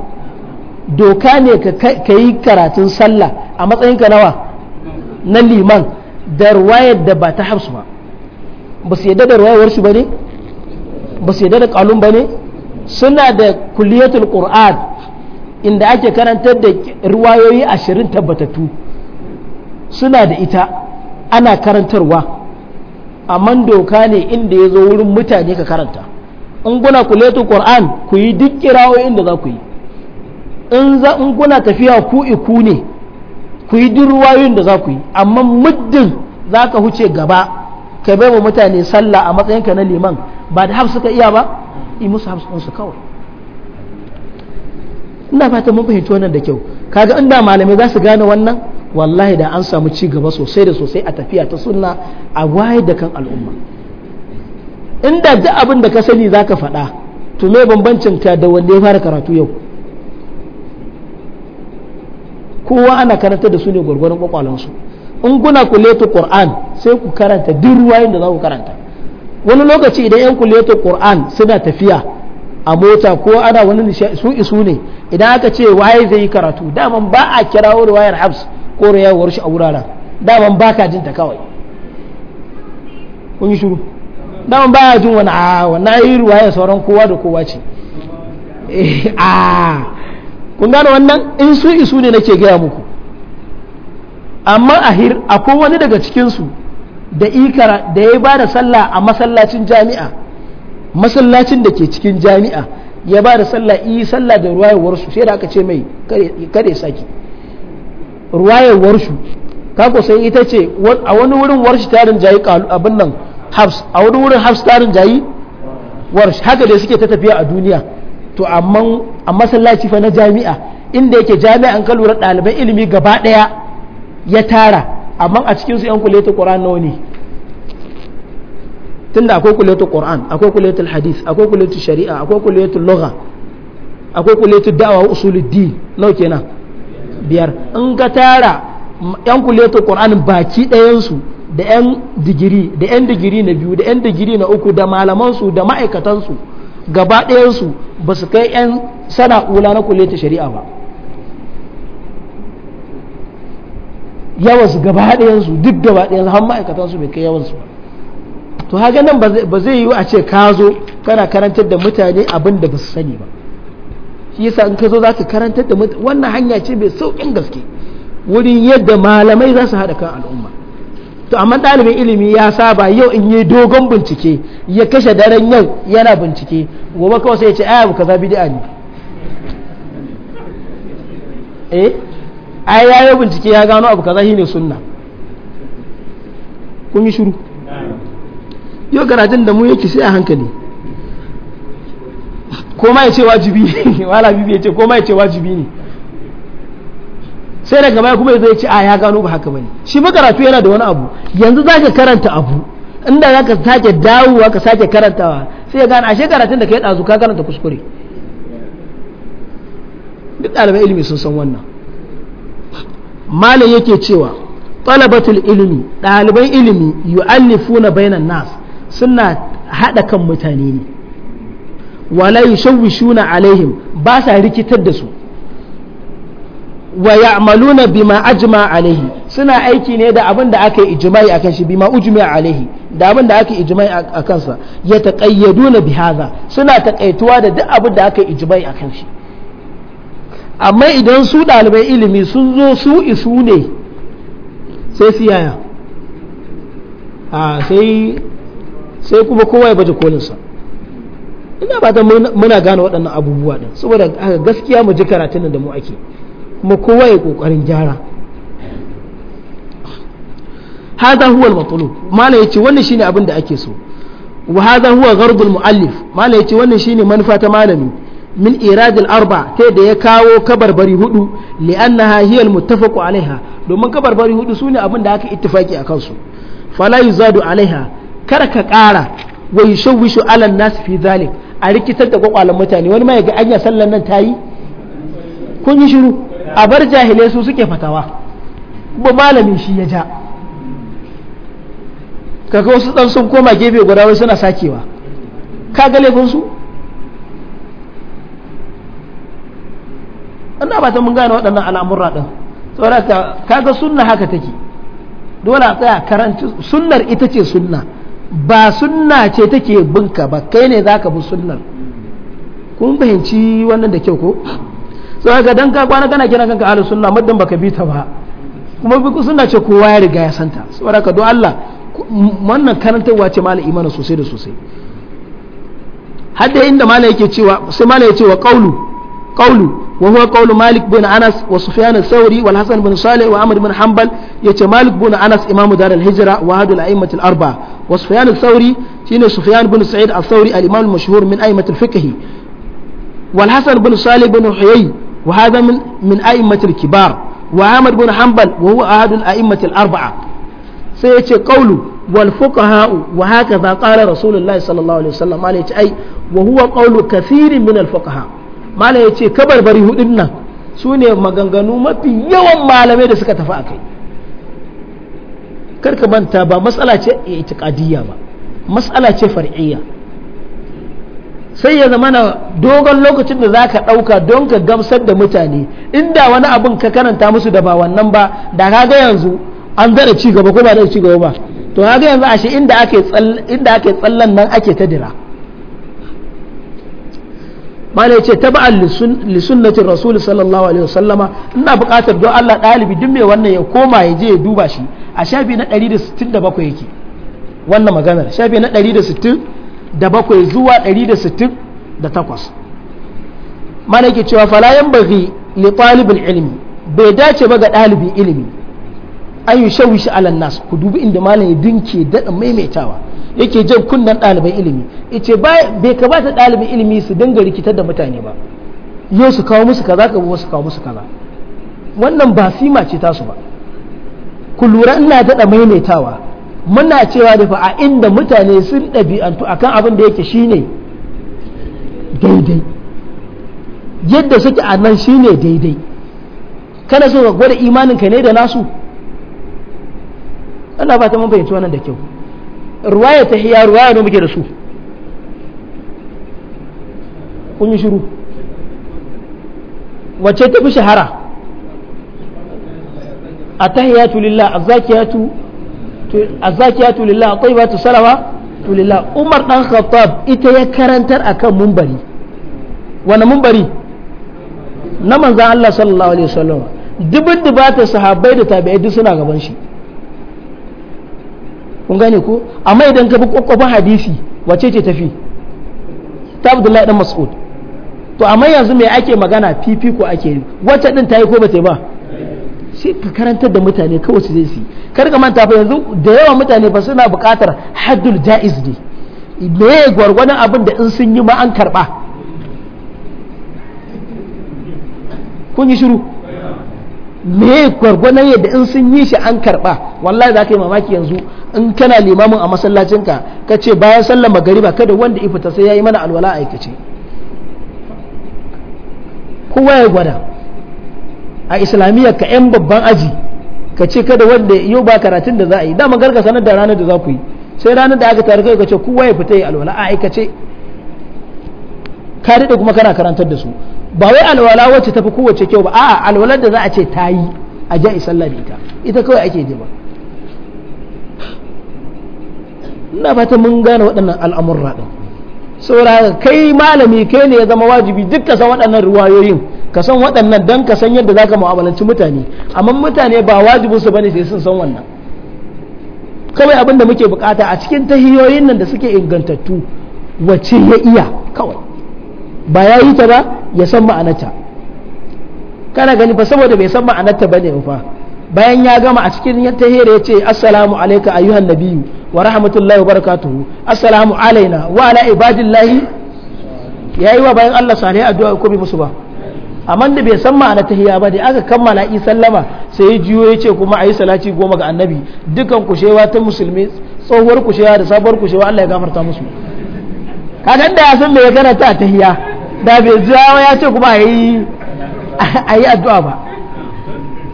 doka ne ka yi karatun sallah a matsayin ka nawa na liman da ruwayar da ba ta hafsu ba ba su yadda da ruwayar shi ba ne ba su yadda da kalun ba ne suna da kuliyatul qur'an inda ake karantar da ruwayoyi ashirin tabbatattu suna da ita ana karantarwa amma doka ne inda ya zo wurin mutane ka karanta in kuna kuletu qur'an ku yi duk kirawoyin da za ku yi in za in kuna tafiya ku iku ne ku yi duk ruwayoyin da za ku yi amma muddin za ka huce gaba ka bai wa mutane sallah a matsayinka na liman ba da hafsu ka iya ba yi musu hafsu ɗinsu kawai ina fata mun fahimci wannan da kyau kaga inda malamai za su gane wannan wallahi da an samu ci gaba sosai da sosai a tafiya ta sunna a wayar da kan al'umma inda duk abin da ka sani za ka faɗa to me bambancin ka da wanda ya fara karatu yau kowa ana karanta da su ne gwargwaron kwakwalansu in kuna kuleto qur'an sai ku karanta duk ruwayin da za ku karanta wani lokaci idan yan kuleto qur'an suna tafiya a mota ko ana wani su isu ne idan aka ce waye zai yi karatu daman ba a kirawo ruwayar habs ko ruwayar shi a wuraren daman ba ka jin kawai kun yi shiru dan ya jin wani a ah, wannan yi ruwaya sauran kowa da kowa ce eh, a kun gano wannan in su isu ne nake gaya muku amma a akwai wani daga cikinsu da ikara da ya ba da sallah a masallacin jami'a masallacin da ke cikin jami'a ya ba da sallah yi sallah da ruwayewarsu sai da aka ce mai kare saki ruwayewarsu kako sai ita ce a wani wurin warshi tarin jayi abin nan habs a wani wurin habs tarin jayi warsh haka dai suke ta tafiya a duniya to amma a masallaci fa na jami'a inda yake jami'an ka lura ɗaliban ilimi gaba ɗaya ya tara amma a cikin su yan kuleta qur'an nawa ne tunda akwai kuleta qur'an akwai kuleta hadith akwai shari'a akwai kuleta lugha akwai kuleta da'awa usuluddin nawa kenan biyar in ka tara yan kuleta qur'an baki ɗayan su da 'yan digiri da 'yan digiri na biyu da 'yan digiri na uku da malamansu da ma'aikatansu gaba ɗayansu ba su kai 'yan sana'ula na kulle ta shari'a ba yawansu gaba ɗayansu duk gaba ɗayansu har ma'aikatansu bai kai yawansu ba to haka nan ba zai yi a ce ka zo kana karantar da mutane abin da ba su sani ba shi yasa in ka zo za ka karantar da mutane wannan hanya ce mai sauƙin gaske wurin yadda malamai za su haɗa kan al'umma to amma ɗalibin ilimi ya saba yau in yi dogon bincike ya kashe daren yau yana bincike gobe kawai sai ya ce ayyabu kaza bid'a ne eh ai ya yi bincike ya gano abu kaza shine sunna kun yi shuru yau garajin da mu yake sai a hankali ko ma ya ce wajibi wala bibi ya ce ko ma ya ce wajibi ne (laughs) sai daga baya kuma ya ce a ya gano ba haka bane shi ba yana da wani abu yanzu zaka karanta abu inda zaka sake dawowa ka sake karantawa sai ya gane ashe karatun da kai dazu ka karanta kuskure duk ɗaliban ilimi sun san wannan malam yake cewa talabatul ilimi ɗaliban ilimi yu'allifuna bainan nas suna haɗa kan mutane ne wala yushawwishuna alaihim ba sa rikitar da su wa ya'maluna bima ajma alaihi suna aiki ne da abin da aka yi ijma'i akan shi bima ujma alaihi da abin da aka yi ijma'i akan sa ya taqayyaduna bi hadha suna takaituwa da duk abin da aka yi ijma'i akan shi amma idan su ɗalibai ilimi sun zo su isu ne sai su yaya a sai sai kuma kowa ya baje kolinsa ina ba ta muna gane waɗannan abubuwa din saboda gaskiya mu ji karatun da mu ake mu kowa ya kokarin gyara hadha huwa al-matlub mala yace wannan shine abin da ake so wa hadha huwa ghardul muallif mala yace wannan shine manufa ta malami min irad al-arba ta da ya kawo kabarbari hudu li'annaha hiya al-muttafaq alaiha domin kabarbari hudu sune abin da aka ittifaki akan su fala yuzadu alaiha kar ka kara wa yushawishu ala nas fi dhalik a rikitar da kwakwalan mutane wani ma yaga anya sallan nan tayi kun yi shiru a bar jahilai su suke fatawa kuma malamin shi ya ja kaga wasu dan sun koma gefe guda wai suna sakewa ka ga laifin su ina ba ta mun gane waɗannan al'amurra din saboda kaga sunna haka take dole a tsaya karanci sunnar ita ce sunna ba sunna ce take binka ba kai ne zaka bi sunnar kun fahimci wannan da kyau ko sai ka dan ka kwana kana kiran kanka ahlus sunna muddin baka bi ta ba kuma bi sunna ce kowa ya riga ya santa saboda ka don Allah wannan karantarwa ce malai imani sosai da sosai hadda inda malai yake cewa sai malai ya ce wa qaulu qaulu وهو قول مالك بن أنس وسفيان الثوري والحسن بن صالح وعمر بن حنبل يتي مالك بن أنس إمام دار الهجرة وأحد الأئمة الأربعة وسفيان الثوري شين سفيان بن سعيد الثوري الإمام المشهور من أئمة الفقه والحسن بن صالح بن حيي وهذا من من أئمة الكبار وأحمد بن حنبل وهو أحد الأئمة الأربعة سيأتي قوله والفقهاء وهكذا قال رسول الله صلى الله عليه وسلم ما أي وهو قول كثير من الفقهاء ما يأتي كبر بريه إنا سوني مغنغنو ما في يوم ما لم يدسك تفاكي كركبان تابا مسألة اعتقادية مسألة فرعية sai ya zama na dogon lokacin da za ka ɗauka don ka gamsar da mutane inda wani abin ka karanta musu da ba wannan ba da kaga yanzu an zara ci gaba ko ba zara ci gaba ba to kaga yanzu ashe inda ake inda ake tsallan nan ake ta dira malai ce taba li sunnatin rasul sallallahu alaihi wasallama ina buƙatar don Allah ɗalibi duk mai wannan ya koma ya je ya duba shi a shafi na 167 yake wannan maganar shafi na 167 da bakwai zuwa ɗari da sittin da takwas mana yake cewa falayan bari li ɗalibin ilimi bai dace ba ga ɗalibin ilimi an yi shawishi alan nas ku dubi inda malam ya dinke daɗa maimaitawa yake jan kunnan ɗaliban ilimi ice bai kamata ɗalibin ilimi su dinga rikitar da mutane ba yau su kawo musu kaza ka wasu kawo musu kaza wannan ba sima ce tasu ba ku lura ina daɗa maimaitawa muna cewa da fa a inda mutane sun ɗabi'antu akan abin da yake shine daidai yadda suke a nan shine daidai kana so ka gwada imaninka ne da nasu Allah ba ta mun fahimci wannan da kyau ruwaya ta hiya ruwaya ne muke da su kun yi shiru wacce ta fi shahara a tahiyatu lillah a zakiyatu azakiyatu lillah tayyibatu salawa to lillah Umar dan Khattab ita ya karantar akan mumbari wani mumbari na manzan Allah sallallahu alaihi wasallam dubin dubata sahabbai da tabi'ai duk suna gaban shi kun gane ko amma idan ka bi kokofin hadisi wace ce tafi ta Abdullahi dan Mas'ud to amma yanzu me ake magana fifiko ake yi wacce ta yi ko ba bata ba sai ka karantar da mutane kawai su zai su kar ka manta fa yanzu da yawa mutane ba suna buƙatar haddul ja'iz ne me ya gwargwadon abin da in sun yi ma an karɓa kun yi shiru me ya gwargwadon yadda in sun yi shi an karɓa wallahi za ka yi mamaki yanzu in kana limamin a masallacinka ka ce bayan sallar magariba kada wanda ifita fita sai ya yi mana alwala aikace kowa ya gwada a islamiyya ka yan babban aji ka ce kada wanda yau ba karatun da za a yi dama garga sanar da ranar da za ku yi sai ranar da aka tare kai ka ce kowa ya fita yi alwala a aikace ka daɗe kuma kana karantar da su ba wai alwala wacce tafi kowace kyau ba a'a alwalar da za a ce ta yi a ja'i sallah da ita ita kawai ake ba ina fata mun gane waɗannan al'amurra ɗin saboda kai malami kai ne ya zama wajibi duk ka san waɗannan ruwayoyin ka san waɗannan don ka san yadda zaka mu'amalanci mutane amma mutane ba wajibin su bane sai sun san wannan kawai abin da muke bukata a cikin tahiyoyin nan da suke ingantattu wacce ya iya kawai ba ya yi ta ba ya san ma'anarta kana gani ba saboda bai san ma'anarta bane fa bayan ya gama a cikin tahira ya ce assalamu alaikum ayyuhan nabiyyu wa rahmatullahi wa barakatuhu assalamu alaina wa ala ibadillahi yayi wa bayan Allah salih addu'a ko bai musu ba amma da bai san ma'ana tahiyya ba da aka kammala yi sallama sai ya ce kuma ayi salati goma ga annabi dukan kushewa ta musulmi tsohuwar kushewa da sabuwar kushewa Allah ya gafarta musu kaga da ya san me ya karanta tahiyya da bai jawo ya ce kuma ayi ayi addu'a ba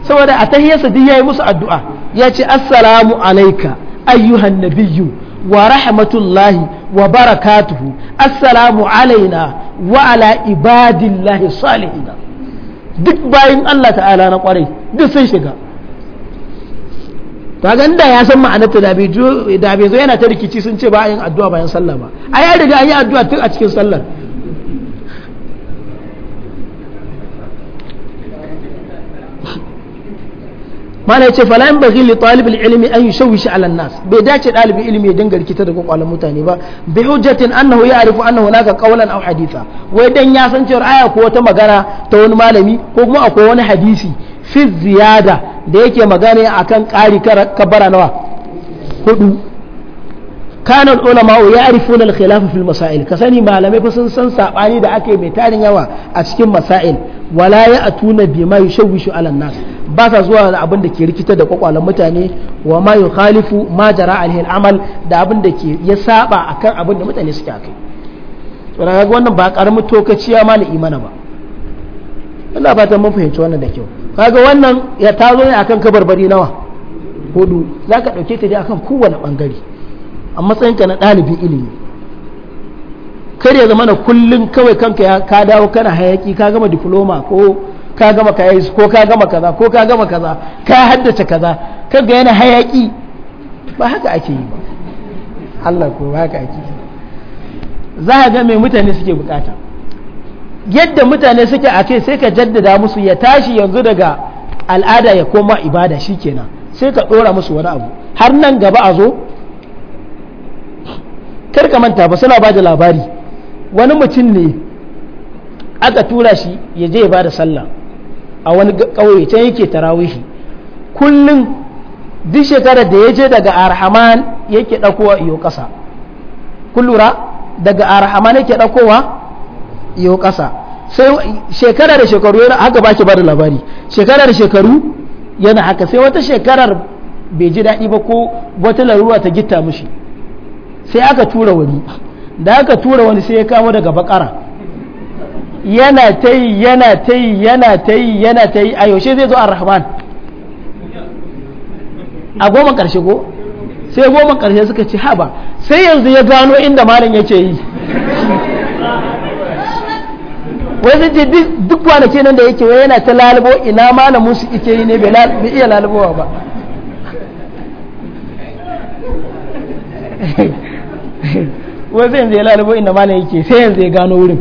saboda a tahiyarsa duk yayi musu addu'a ya ce assalamu alaika ayyuhan nabiyyu wa rahmatullahi wa barakatuhu assalamu alaina wa ala ibadillahi salihina duk bayan Allah ta'ala na kwarai duk sun shiga ta ganda ya san ma'anarta da bai zo yana ta rikici sun ce ba a yin addu'a bayan sallah ba a ya riga an yi addu'a tun a cikin sallar mana ya ce fala yan baghi li talibul ilmi an yushawishi ala nas bai dace ɗalibin ilimi ya dinga rikita da kwakwalan mutane ba bai hujjatin annahu nahu na ka qawlan aw haditha wai dan ya san cewar aya ko wata magana ta wani malami ko kuma akwai wani hadisi fi ziyada da yake magana akan ƙari kabara nawa hudu كان العلماء يعرفون الخلاف في mas'a'il كسني ما لم يفسن saɓani da aka yi mai tarin yawa a cikin masail wala ya tuna bi ma yushawishu ala nas ba sa zuwa da abin da ke rikita da kwakwalan mutane wa ma yukhalifu ma jara alhil amal da abin da ke ya saba akan abin da mutane suke akai to daga wannan ba karamin tokaciya ma na imana ba Allah ba ta mun fahimci wannan da kyau kaga wannan ya tazo ne akan kabarbari nawa hudu zaka dauke ta dai akan kowane bangare a matsayinka na ɗalibin ilimi kar ya zama na kullum kawai kanka ya ka dawo kana hayaki ka gama diploma ko ka gama ka yi ko ka gama kaza ko ka gama kaza ka haddace kaza kanka yana hayaki ba haka ake yi ba Allah ko ba haka ake yi za a ga mai mutane suke bukata yadda mutane suke a kai sai ka jaddada musu ya tashi yanzu daga al'ada ya koma ibada shikenan sai ka dora musu wani abu har nan gaba a zo kar ka manta ba suna ba da labari wani mutum ne aka tura shi ya je ba da sallah a wani ƙauye can yake tarawihi kullum duk shekarar da ya je daga arhaman yake ɗakowa iyo ƙasa kullura daga arhaman yake ɗakowa iyo ƙasa sai shekara da shekaru yana haka ba ki ba labari shekara da shekaru yana haka sai wata shekarar bai ji daɗi ba ko wata larura ta gitta mushi sai aka tura wani da aka tura wani sai ya kamo daga bakara yana ta yi yana ta yi yana ta yi yana ta yi a yaushe zai zo a rahman a goma karshe ko sai goma karshe suka ci haba sai yanzu ya gano inda malam yake yi wai sun ce duk kwanaki nan da yake wai yana ta lalubo ina malamin su ike yi ne bai iya lalubowa ba wai zai yanzu ya lalubo inda malam yake sai yanzu ya gano wurin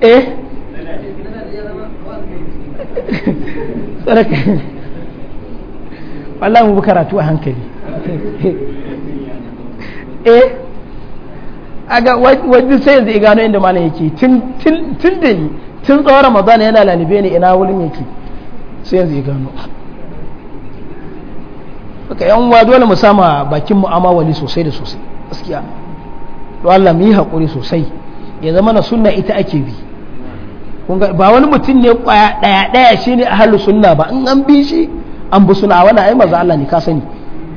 eh tsaraka wallah mu karatu a hankali eh aga wajen sai yanzu ya gano inda malam yake tun da ni tun tsawon ramadana yana lalube ne ina wurin yake sai yanzu ya gano baka yan uwa dole mu sama bakin mu amawali sosai da sosai gaskiya to Allah mu yi hakuri sosai ya zama na sunna ita ake bi ba wani mutum ne kwaya daya daya shine ahlu sunna ba in an bi shi an bi sunna wani ai maza Allah ne ka sani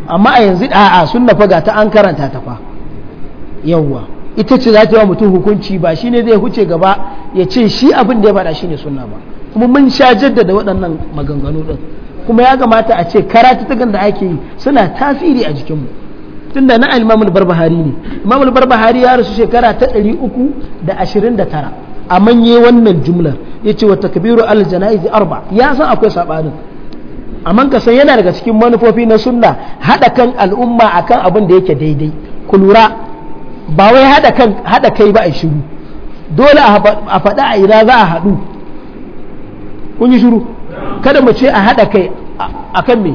amma a yanzu a'a sunna fa ga ta an karanta ta fa yawwa ita ce za ta yi mutum hukunci ba shi ne zai huce gaba ya ce shi abin da ya faɗa shine sunna ba kuma mun sha jaddada waɗannan maganganu din kuma ya kamata a ce karatutukan da ake yi suna tasiri a jikinmu tunda na imamul barbahari ne imamul barbahari ya rasu shekara ta 329 a manye wannan jumlar ya ce wa takbiru al janaizi arba ya san akwai sabanin amma ka san yana daga cikin manufofi na sunna hada kan al'umma akan abin da yake daidai ku lura ba wai hada kan hada kai ba a shiru dole a faɗa a ina za a haɗu kun yi shiru kada mu ce a haɗa kai a kan me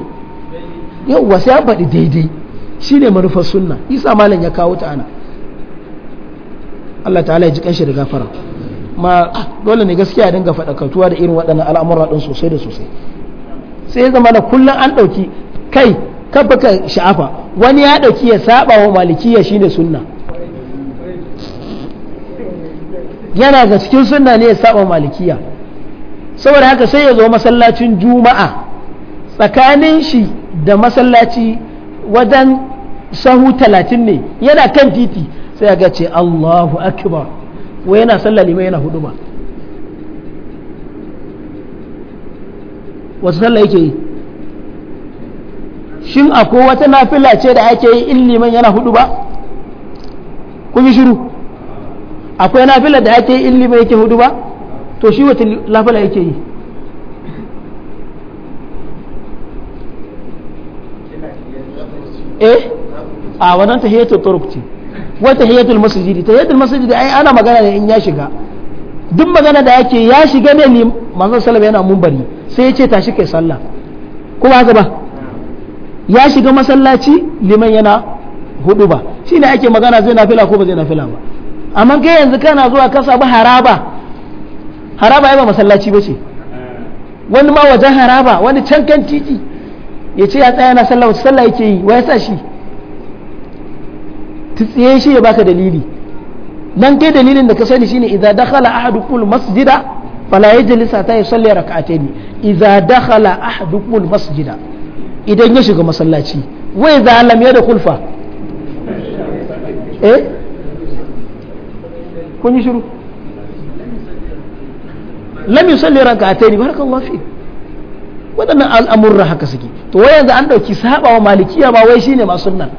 yauwa sai an faɗi daidai shi ne manufar sunna isa malam ya kawo ta ana Allah ta'ala ya ji kanshi da gafara ma ah, dole ne gaskiya dinga faɗakantuwa da irin waɗannan al'amura ɗin sosai da sosai sai ya zama da kullum an ɗauki kai kafa ka sha'afa wani ya ɗauki ya saba wa malikiya shine sunna yana ga cikin sunna ne ya saba malikiya saboda haka sai ya zo masallacin juma'a tsakanin shi da masallaci wajen sahu talatin ne yana kan titi sai ga ce allahu akbar wai yana sallah limai yana hudu ba wasu sallah yake yi shin akwai wata nafila ce da ake yi in liman yana hudu ba kun yi shiru akwai nafila da ake yi in liman yake hudu ba to shi wata lafala yake yi eh a wannan tahiyatul turuk ce wa tahiyatul masjidi tahiyatul masjidi ai ana magana ne in ya shiga duk magana da yake ya shiga ne ni manzon sallallahu yana munbari sai ya ce tashi kai sallah ko ba haka ba ya shiga masallaci liman yana hudu ba shine ake magana zai nafila ko ba zai nafila ba amma kai yanzu kana zuwa ka sabu haraba haraba ba masallaci ba ce wani ma wajen haraba wani can kan titi ya ce ya tsaya na sallah wata sallah yake yi wa ya sa shi ta tsaye shi ya baka dalili nan kai dalilin da ka sani shine idza dakhala ahadukum masjida fala yajlis hatta yusalli rak'atayn idza dakhala ahadukum masjida idan ya shiga masallaci wai za lam da kulfa eh kun yi shiru lam yusalli rak'atayn barakallahu fi wadannan al'amurra haka suke to wai yanzu an dauki saba wa malikiya ba wai shine ma sunnan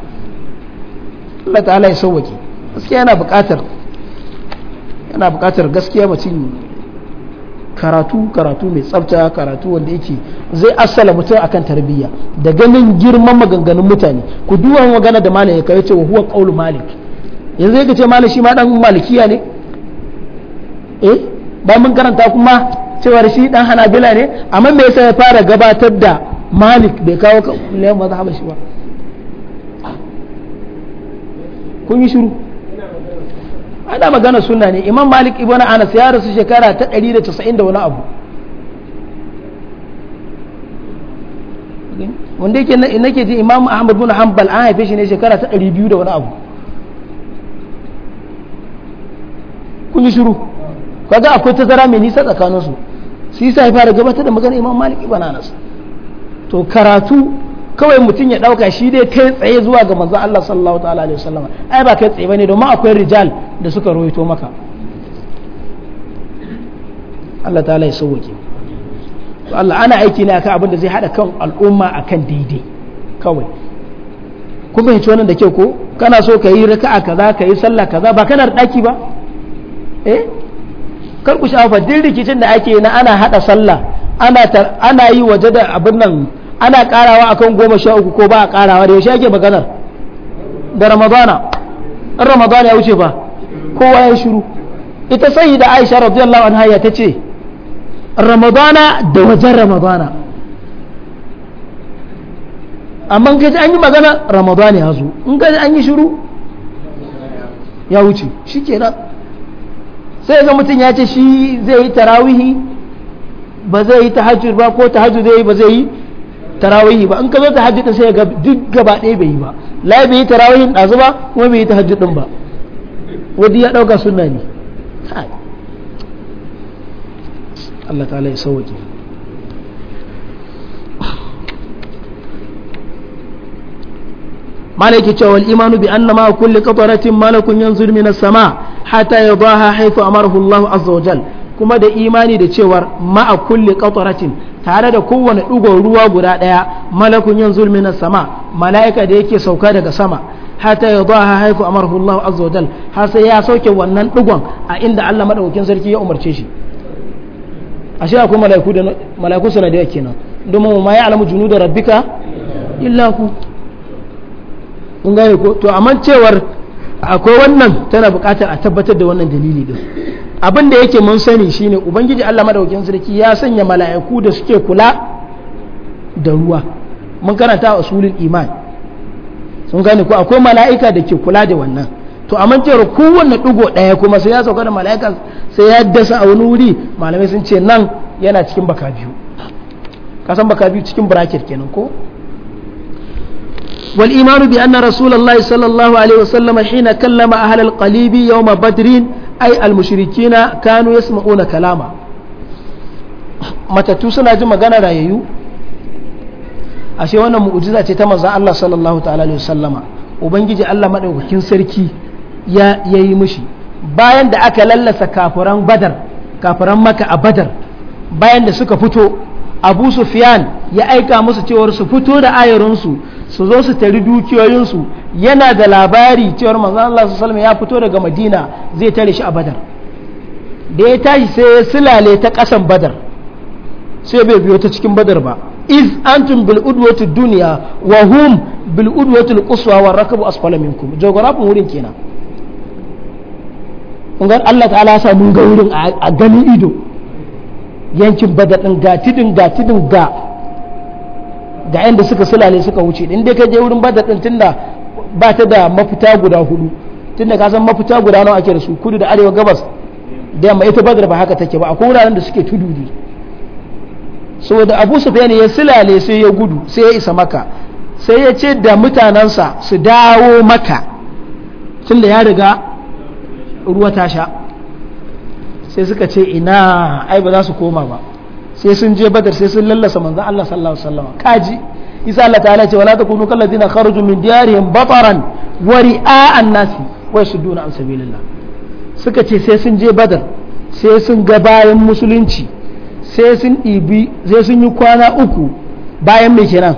Allah ta'ala ya sauke gaskiya yana buƙatar yana buƙatar gaskiya mutum karatu karatu mai tsafta karatu wanda yake zai asala mutum akan tarbiyya da ganin girman maganganun mutane ku duwa magana da malam ya kai ce wa huwa qaulu malik yanzu yake ce malam shi ma dan malikiya ne eh ba mun karanta kuma cewar shi dan hanabila ne amma me yasa ya fara gabatar da malik bai kawo kullum mazhabar shi ba kun yi shiru ana magana sunna ne imam malik ibn anas ya rasu shekara ta 190 da wani abu wanda yake nake ji imam ahmad bin hanbal an haife shi ne shekara ta 200 da wani abu kun yi shiru kaga akwai tazara mai nisa tsakanin su su yasa ya fara gabatar da magana imam malik ibn anas to karatu kawai mutum ya dauka shi dai kai tsaye zuwa ga manzon Allah sallallahu ta'ala alaihi wasallam ai ba kai tsaye bane domin akwai rijal da suka rawaito maka Allah ta'ala ya sauke to Allah ana aiki ne akan abin da zai hada kan al'umma akan daidai kawai kun fahimci wannan da kyau ko kana so ka yi raka'a kaza ka yi sallah kaza ba kana da daki ba eh kar ku shafa duk rikicin da ake na ana hada sallah ana ana yi waje da abin nan ana karawa akan goma sha uku ko ba a karawa da yaushe ake maganar da ramadana in ramadana ya wuce ba kowa ya shiru ita sai da aisha radiyallahu anha ya ta ce ramadana da wajen ramadana amma kaji an yi magana ramadana ya zo in kaji an yi shiru ya wuce shikenan sai ga mutum ya ce shi zai yi tarawihi ba zai yi tahajjud ba ko tahajjud zai yi ba zai yi tarawihi ba in ka zo tahajjud din sai ga duk gaba ɗaya bai yi ba lai bai yi tarawihin ɗazu ba kuma bai yi tahajjud din ba wadi ya ɗauka sunna ne Allah ta'ala ya sauke malaki cewar wal imanu bi anna ma kulli qataratin malakun yanzur min sama hatta yadaha haythu amarahu Allah azza wa jal kuma da imani da cewar ma a kulli qataratin tare da kowane dugon ruwa guda daya malakun yanzur min sama mala'ika da yake sauka daga sama hatta yadaha haythu amarahu Allah azza wa jal har sai ya sauke wannan dugon a inda Allah madaukakin sarki ya umarce shi ashe akwai mala'iku da mala'iku suna nan ma kun gane ko to amma cewar akwai wannan tana buƙatar a tabbatar da wannan dalili din abin da yake mun sani shine ubangiji Allah madaukakin sarki ya sanya mala'iku da suke kula da ruwa mun karanta usulul iman sun gane ko akwai mala'ika da ke kula da wannan to amma cewar kowanne dugo ɗaya kuma sai ya sauka da mala'ika sai ya dasa a wani wuri malamai sun ce nan yana cikin baka biyu kasan baka biyu cikin bracket kenan ko والإيمان بأن رسول الله صلى الله عليه وسلم حين كلم أهل القليب يوم بدر أي المشركين كانوا يسمعون كلامه متى توصل جمع غانا رايو ashe wannan mu'jiza ce ta maza Allah sallallahu ta'ala alaihi wasallama ubangiji Allah madaukakin sarki ya yayi bayan da aka lallasa kafiran badar kafiran maka a badar bayan da suka fito abu sufyan ya aika musu cewar su fito da ayarinsu su zo su tari dukiyoyinsu yana da labari cewar manzon Allah sallallahu ya fito daga Madina zai tare shi a Badar da ya tashi sai ya silale ta kasan Badar sai bai biyo ta cikin Badar ba iz antum bil udwati dunya wa hum bil udwati al quswa wa rakabu asfala jogorafin wurin kenan ungar Allah ta'ala sa mun ga wurin a ganin ido yankin Badar din ga tidin ga tidin ga ga yanda suka sulale suka wuce in dai ka je wurin ba ɗin tun da ba ta da mafita guda hudu tunda ka san mafita guda nawa ake da su kudu da arewa gabas da yamma ita badar ba haka take ba akwai wuraren da suke tudu ne saboda abu su sufyan ya sulale sai ya gudu sai ya isa maka sai ya ce da mutanensa su dawo maka tunda ya riga ruwa ta sha sai suka ce ina ai ba za su koma ba sai sun je badar sai sun lallasa manzon Allah sallallahu alaihi wasallam kaji isa Allah ta'ala ce wala takunu kal ladina kharaju min diyarihim bataran wa ri'a an wa yasudduna an sabilillah suka ce sai sun je badar sai sun ga bayan musulunci sai sun ibi sai sun yi kwana uku bayan mai kenan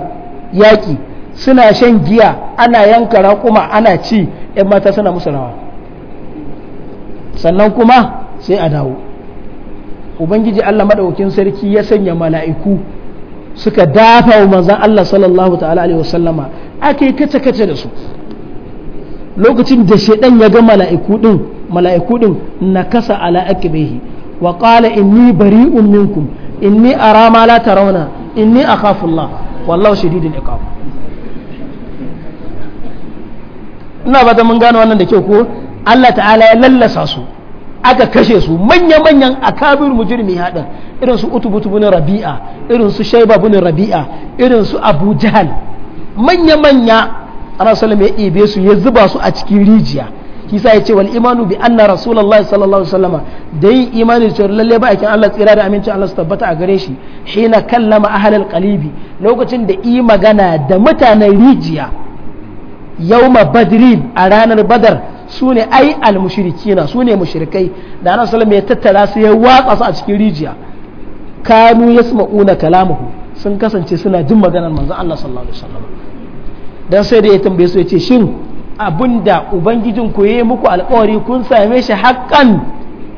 yaki suna shan giya ana yanka raƙuma ana ci 'yan mata suna musu rawa sannan kuma sai a dawo ubangiji Allah madaukin sarki ya sanya mala'iku suka dafa wa manzan Allah sallallahu ta'ala alaihi wasallama aka yi kace kace da su lokacin da shaidan ya ga mala'iku din mala'iku din nakasa ala akibehi wa qala inni bari minkum inni ara ma la tarawna inni akhafu Allah wallahu shadidul ina ba ta mun gano wannan da kyau ko Allah ta'ala ya lallasa su aka kashe su manya-manyan akabir mujirmi haɗin irin su utubutu bin rabi'a irin su shaiba bin rabi'a irin su abu jahal manya-manya sallam ya ibe su ya zuba su a cikin rijiya kisa ya ce wal imanu bi anna rasulullahi sallallahu alaihi wasallama da yin imani da cewa lalle ba akin Allah tsira da amincin Allah su tabbata a gare shi hina kallama ahlal qalibi lokacin da yi magana da mutanen rijiya yauma badrin a ranar badar su ne ai almushrikina su ne mushrikai da annabi ya tattara su ya watsa su a cikin rijiya kanu yasma'una kalamahu sun kasance suna jin maganar manzon Allah sallallahu alaihi wasallam dan sai da ya tambaye su ya ce shin abinda ubangijin ku yayi muku alƙawari kun same shi haƙƙan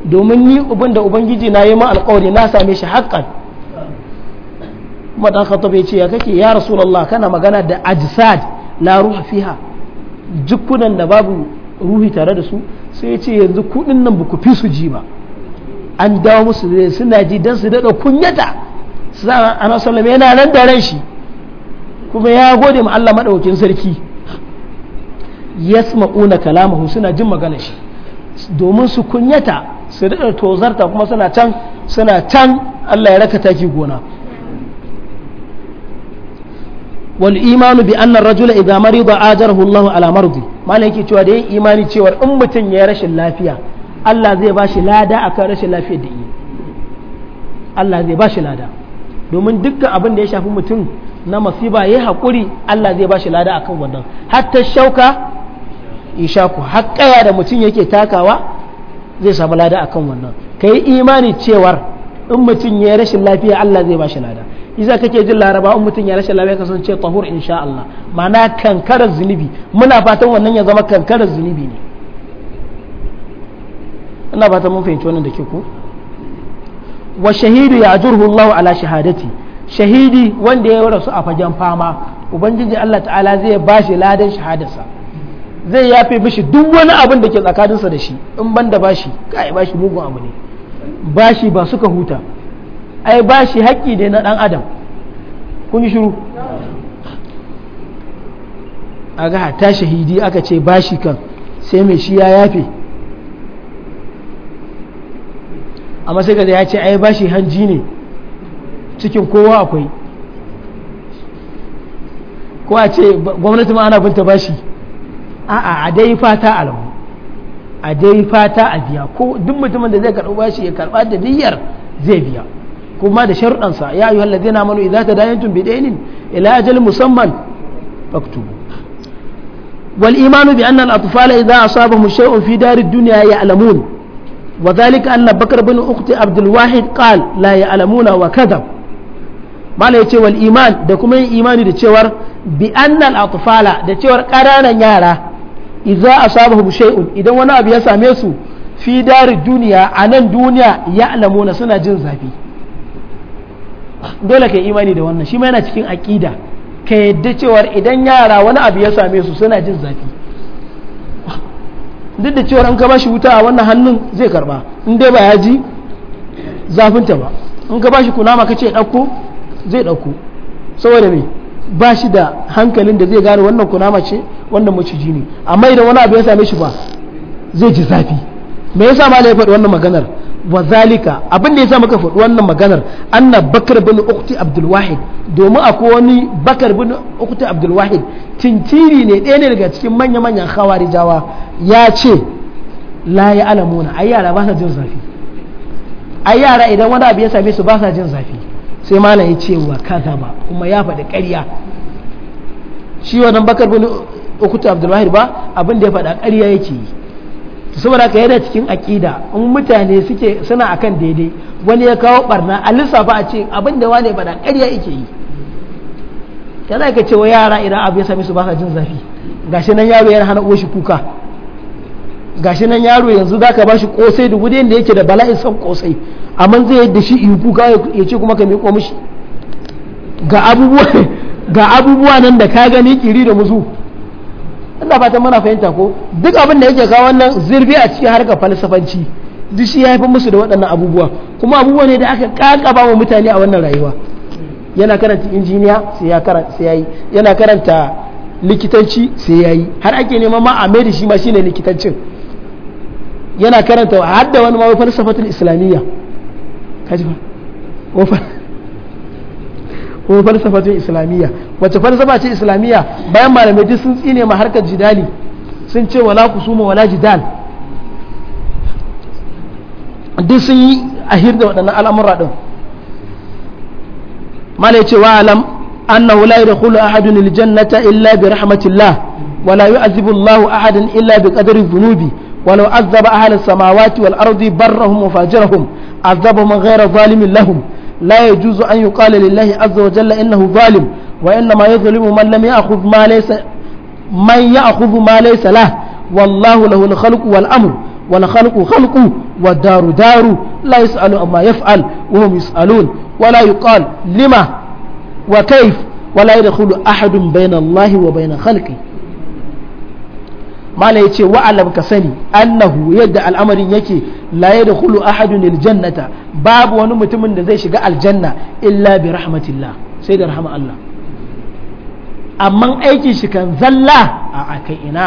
domin ni abinda ubangiji na yi min alƙawari na same shi haƙƙan kuma dan khattab ya ce ya kake ya rasulullah kana magana da ajsad la ruha fiha jukkunan da babu ruhi tare da su sai ya ce yanzu kuɗin nan ba ku fi su ji ba an dawo musu da suna ji don su daɗa kunyata su za a sallama yana nan da ran shi kuma ya gode ma Allah maɗaukin sarki yasma'una kalamahu suna jin maganar shi domin su kunyata su daɗa tozarta kuma suna can suna can Allah ya raka taki gona wal imanu bi anna rajula idza marida ajarahu Allah ala mardi malam yake cewa da yin imani cewa in mutum ya yi rashin lafiya Allah zai ba shi lada akan rashin lafiyar da yi Allah zai ba shi lada domin dukkan abin da ya shafi mutum na masiba ya haƙuri Allah zai ba shi lada akan wannan hatta shauka ishaku har kaya da mutum yake takawa zai samu lada akan wannan yi imani cewar in mutum ya yi rashin lafiya Allah zai ba shi lada iza kake jin laraba in mutum ya rashin lafiya kasance tahur insha Allah ma'ana kankarar zunubi muna fatan wannan ya zama kankarar zunubi ne ina fatan mun fahimci wannan da ke ku. wa shahidu ya ajurhu Allah ala shahadati shahidi wanda ya rasu a fagen fama ubangiji Allah ta'ala zai ba shi ladan shahadarsa zai yafe mishi duk wani abin da ke tsakaninsa da shi in ban da bashi kai bashi mugun abu ne bashi ba suka huta ai ba shi haƙƙi ne na ɗan adam kun yi shiru a ga ta shahidi aka ce ba shi kan sai mai shi ya yafe amma sai kaza ya ce ai ba shi hanji ne cikin kowa akwai ko a ce gwamnati ma ana binta ba shi a a dai fata alahu a dai fata a biya ko duk mutumin da zai karɓi bashi ya karɓa da niyyar zai biya kuma da sharuɗansa ya ayyuhal ladina amanu idza tadayantum bi daynin ila ajalin musamman faktubu wal imanu bi anna al atfala idza asabahum shay'un fi dari dunya ya'lamun wa dhalika anna bakr bin ukhti abdul wahid qal la ya'lamuna wa kadhab mala yace wal iman da kuma yin imani da cewar bi anna al atfala da cewar ƙananan yara idza asabahum shay'un idan wani abu ya same su fi dari duniya a nan duniya ya'lamuna suna jin zafi dole ka yi imani da wannan shi ma yana cikin aƙida ka yadda cewar idan yara wani abu ya same su suna jin zafi duk da cewar an ka bashi wuta a wannan hannun zai karba in dai ba ya ji zafinta ba in ka bashi kunama ka ce ɗauko zai ɗauko saboda me ba shi da hankalin da zai gane wannan kunama ce wannan maciji ne amma idan wani abu ya same shi ba zai ji zafi me yasa ma ya faɗi wannan maganar wa zalika abin da yasa muka faɗi wannan maganar anna bakar bin ukti abdul wahid domin akwai wani bakar bin ukti abdul wahid tintiri ne ɗaya ne daga cikin manya manyan jawa ya ce la ya alamuna ai yara ba sa jin zafi ai yara idan wani abu ya same su ba sa jin zafi sai malam ya ce wa kaza ba kuma ya faɗi ƙarya shi wannan bakar bin ukti abdul wahid ba abin da ya faɗa ƙarya yake yi saboda ka yana cikin aƙida in mutane suke suna akan daidai wani ya kawo barna a lissafa a ce abin da wane bada ƙarya yake yi ta za ka ce wa yara idan abu ya sami su ba sa jin zafi gashi nan yaro yana hana uwa shi kuka gashi nan yaro yanzu za ka ba shi kosai da gudun da yake da bala'in son kosai amma zai yadda shi yi kuka ya ce kuma ka miƙo mishi ga abubuwa (laughs) nan da ka gani kiri da musu Allah fatan muna fahimta ko duk abin da yake kawo wannan zirbi a cikin harkar falsafanci duk shi ya haifar musu da waɗannan abubuwa kuma abubuwa ne da aka kakaba wa mutane a wannan rayuwa yana karanta injiniya sai ya karanta yayi yana karanta likitanci sai yayi har ake neman ma a mai shi ma shine likitancin yana karanta har da wani ma falsafatul islamiyya kaji ba ko falsafa ce islamiyya wacce falsafa ce islamiyya bayan malamai duk sun tsine ma harkar jidali sun ce wala kusuma wala jidal duk sun yi ahir da waɗannan al'amura ɗin mala ya ce wa alam annahu la yadkhulu ahadun aljannata illa bi rahmatillah wala yu'azibu Allah ahadan illa bi qadri dhunubi ahli samawati wal السماوات والأرض برهم وفاجرهم عذبهم غير ظالم lahu. لا يجوز أن يقال لله عز وجل إنه ظالم وإنما يظلم من لم يأخذ ما ليس من يأخذ ما ليس له والله له الخلق والأمر والخلق خلقه والدار دار لا يسأل أما يفعل وهم يسألون ولا يقال لما وكيف ولا يدخل أحد بين الله وبين خلقه mala ya ce wa'alam ka sani annahu yadda al'amarin yake laye da hulu ahadun aljannata babu wani mutumin da zai shiga aljanna illa bi rahmatillah sai da rahama Allah amma aiki shi kan zalla a akai ina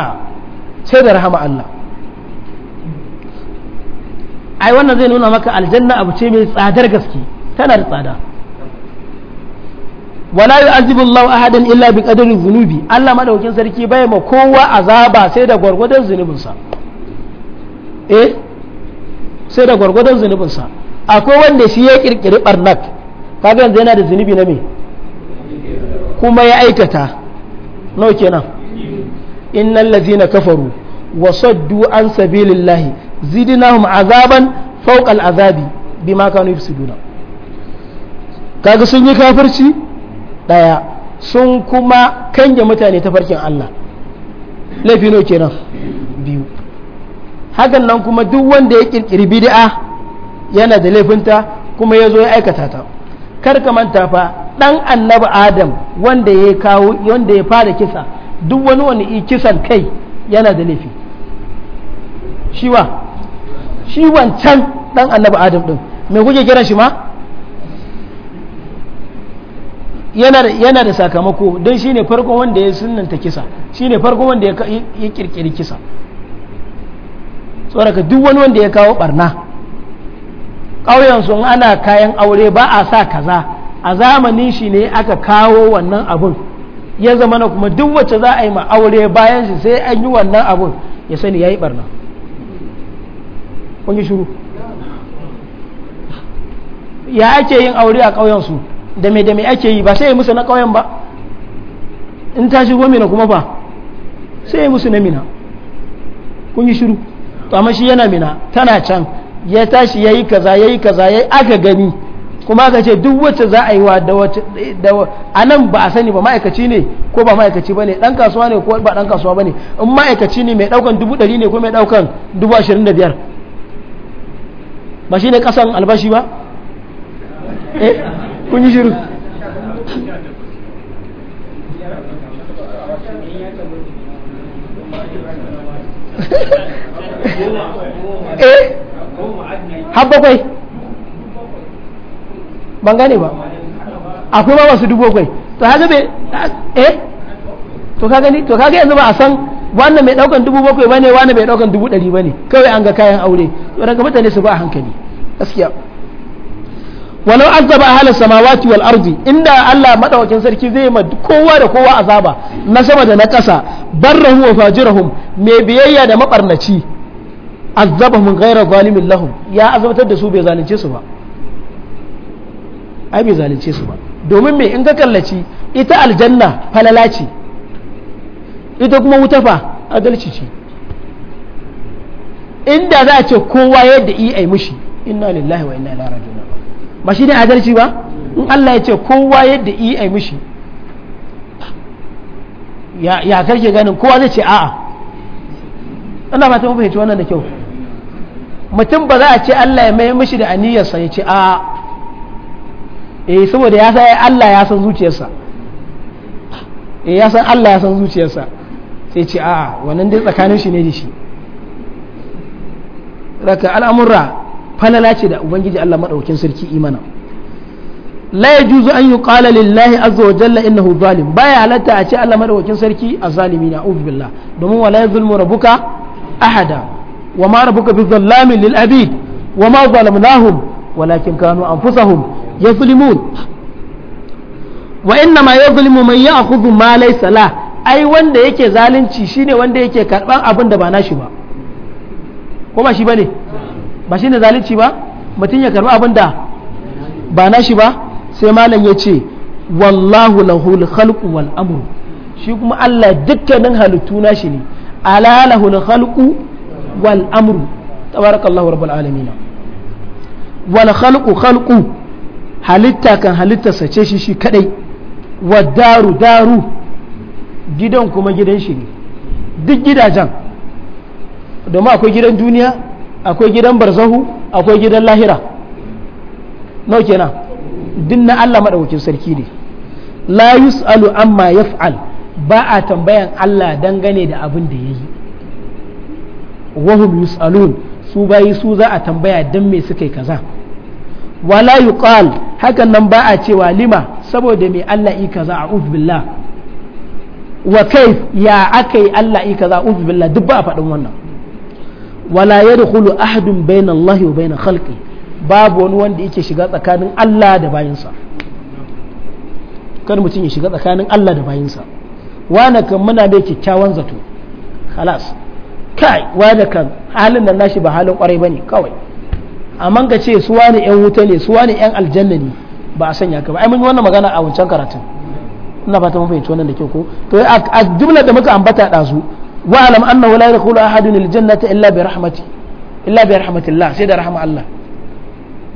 sai da rahama Allah ai wannan zai nuna maka aljanna abu ce mai tsadar gaske tana da tsada wala yu'azibu Allahu ahadan illa bi qadri dhunubi Allah madaukin sarki bai ma kowa azaba sai da gwargwadon zunubinsa eh sai da gwargwadon zunubinsa akwai wanda shi ya kirkiri barnak kaga yanzu yana da zunubi na me kuma ya aikata nawa kenan innal ladzina kafaru wa saddu an sabilillahi zidnahum azaban fawqa al'azabi bima kanu yafsiduna kaga sun yi kafirci ɗaya sun kuma kange mutane ta farkin Allah laifi no kenan biyu hakan nan kuma duk wanda ya ƙirƙiri bid'a yana da laifinta kuma ya zo ya aikata ta kar ka manta fa ɗan annabi adam wanda ya kawo wanda ya fara kisa duk wani wani kisan kai yana da laifi shiwa shiwan shi wancan dan annabi adam ɗin me kuke kiran shi ma yana da sakamako don shi ne farko wanda ya sunanta kisa shi ne farko wanda ya kirkiri kisa tsoraka duk wani wanda ya kawo barna ƙauyensu ana kayan aure ba a sa kaza a zamanin shi ne aka kawo wannan abun ya zama na kuma duk wacce za a yi ma aure bayan shi sai an yi wannan abun ya sani ya yi barna ya ake yin aure a ƙauyensu da me da me ake yi ba sai ya musu na ƙauyen ba in ta shigo mina kuma ba sai ya musu na mina kun yi shiru amma shi yana mina tana can ya tashi ya yi kaza ya yi kaza ya aka gani kuma aka ce duk wacce za a yi wa da wacce a nan ba a sani ba ma'aikaci ne ko ba ma'aikaci ba ne ɗan kasuwa ne ko ba ɗan kasuwa ba ne in ma'aikaci ne mai ɗaukan dubu ɗari ne ko mai ɗaukan dubu ashirin da biyar ba shi ne ƙasan albashi ba eh? kun yi shiru (laughs) eh bakwai ban gane ba akwai ba masu dubu bakwai to kaga bai eh to ka gani to ga yanzu ba a san wannan mai daukan dubu bakwai bane wannan mai daukan dubu ba bane kawai an ga kayan aure to daga mutane su ba hankali gaskiya walau azaba ahla samawati wal ardi inda Allah madaukakin sarki zai ma kowa da kowa azaba na da na ƙasa barrahu wa fajirahum mai biyayya da mabarnaci azabahum ghayra zalimin lahum ya azabtar da su bai zalunce su ba domin me in ka kallaci ita aljanna falala ce ita kuma wuta fa adalci ce inda za a ce kowa yadda iya ai mushi inna lillahi wa inna ilaihi raji'un ba shi ne adalci ba in Allah ya ce kowa yadda yi a mishi ya karke ganin kowa zai ce a'a Allah ba ta fahimci wannan da kyau mutum ba za a ce Allah ya mai mishi da aniyarsa ya ce a'a eh saboda ya sai Allah ya san zuciyarsa eh ya san Allah ya san zuciyarsa sai ce a'a wannan dai tsakanin shi ne da shi raka al'amurra falala ce da ubangiji Allah madaukakin sarki imana la yajuzu an yuqala lillahi azza wa jalla innahu zalim baya halatta a ce Allah madaukakin sarki azalimi na ubi billah domin wala yazlimu rabbuka ahada wa ma rabbuka bizallamin lil abid wa ma zalamnahum walakin kanu anfusahum yazlimun wa inna ma yazlimu man ya'khudhu ma laysa la ai wanda yake zalunci shine wanda yake karban abin da ba nashi ba ko ba shi bane ba shi ne zalunci ba mutum ya karbi abin da ba na shi ba sai malam ya ce wallahu lahul khalqu wal amru shi kuma Allah dukkanin halittu na shi ne ala lahul khalqu wal amru tabarakallahu rabbul alamin wal khalqu khalqu halitta kan halitta sace shi shi kadai wa daru daru gidan kuma gidan shi ne duk gidajen domin akwai gidan duniya akwai gidan barzahu akwai gidan lahira nau kenan duk na Allah maɗaukin sarki ne la yus'alu amma yaf'al ba a tambayan Allah dangane da abin da yayi wahum yus'alun su bayi su za a tambaya dan me suka yi kaza wala yuqal hakan nan ba a cewa lima saboda me Allah yi kaza a'udhu billah wa kai ya akai Allah yi kaza a'udhu billah duk ba a faɗin wannan wala yadkhulu ahadun bayna Allah wa bayna khalqi babu wani wanda yake shiga tsakanin Allah da bayinsa kar mutum ya shiga tsakanin Allah da bayinsa wane kan muna mai kyakkyawan zato halas kai wane kan halin nan nashi ba halin kwarai bane kawai amma ka su wani yan wuta su wani yan aljanna ba a sanya ka ba ai mun yi magana a wancan karatun mun da ko to a jumlar da muka ambata dazu wa'alam annahu la yadkhulu ahadun aljannata illa bi rahmati illa bi rahmatillah sai da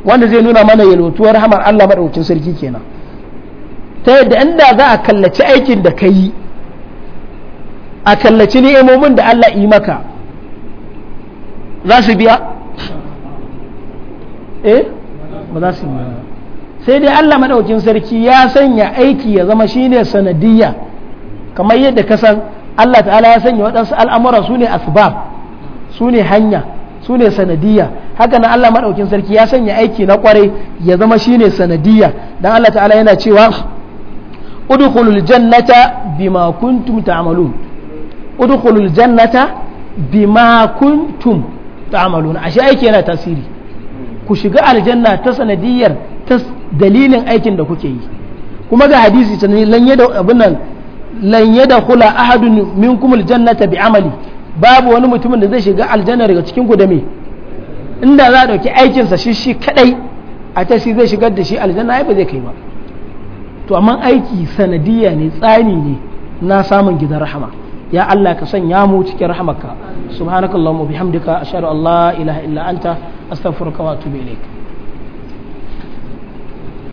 wanda zai nuna mana yalwatuwar rahamar Allah madaukakin sarki kenan ta yadda inda za a kallaci aikin da ka yi a kallaci ni'imomin da Allah yi maka za su biya eh ba za su biya sai dai Allah madaukakin sarki ya sanya aiki ya zama shine sanadiyya kamar yadda ka san Allah ta'ala ya sanya waɗansu al'amura su ne asbab su ne hanya su ne sanadiyya haka na Allah maɗaukin sarki ya sanya aiki na kwarai ya zama shi ne sanadiyya don Allah ta'ala yana cewa udkhulul jannata bima kuntum ta'malun udkhulul jannata bima kuntum ashe aiki yana tasiri ku shiga aljanna ta sanadiyyar ta dalilin aikin da kuke yi kuma ga hadisi ta lanye da abin nan lan kula ahadun jannata bi amali babu wani mutumin da zai shiga aljanna daga cikin ku da me inda za a dauki aikin sa shi shi kadai a ta shi zai shigar da shi aljanna ai ba zai kai ba to amma aiki sanadiyya ne tsani ne na samun gidan rahama ya Allah ka sanya mu cikin rahamarka subhanakallahumma bihamdika ashhadu an la ilaha illa anta astaghfiruka wa atubu ilaik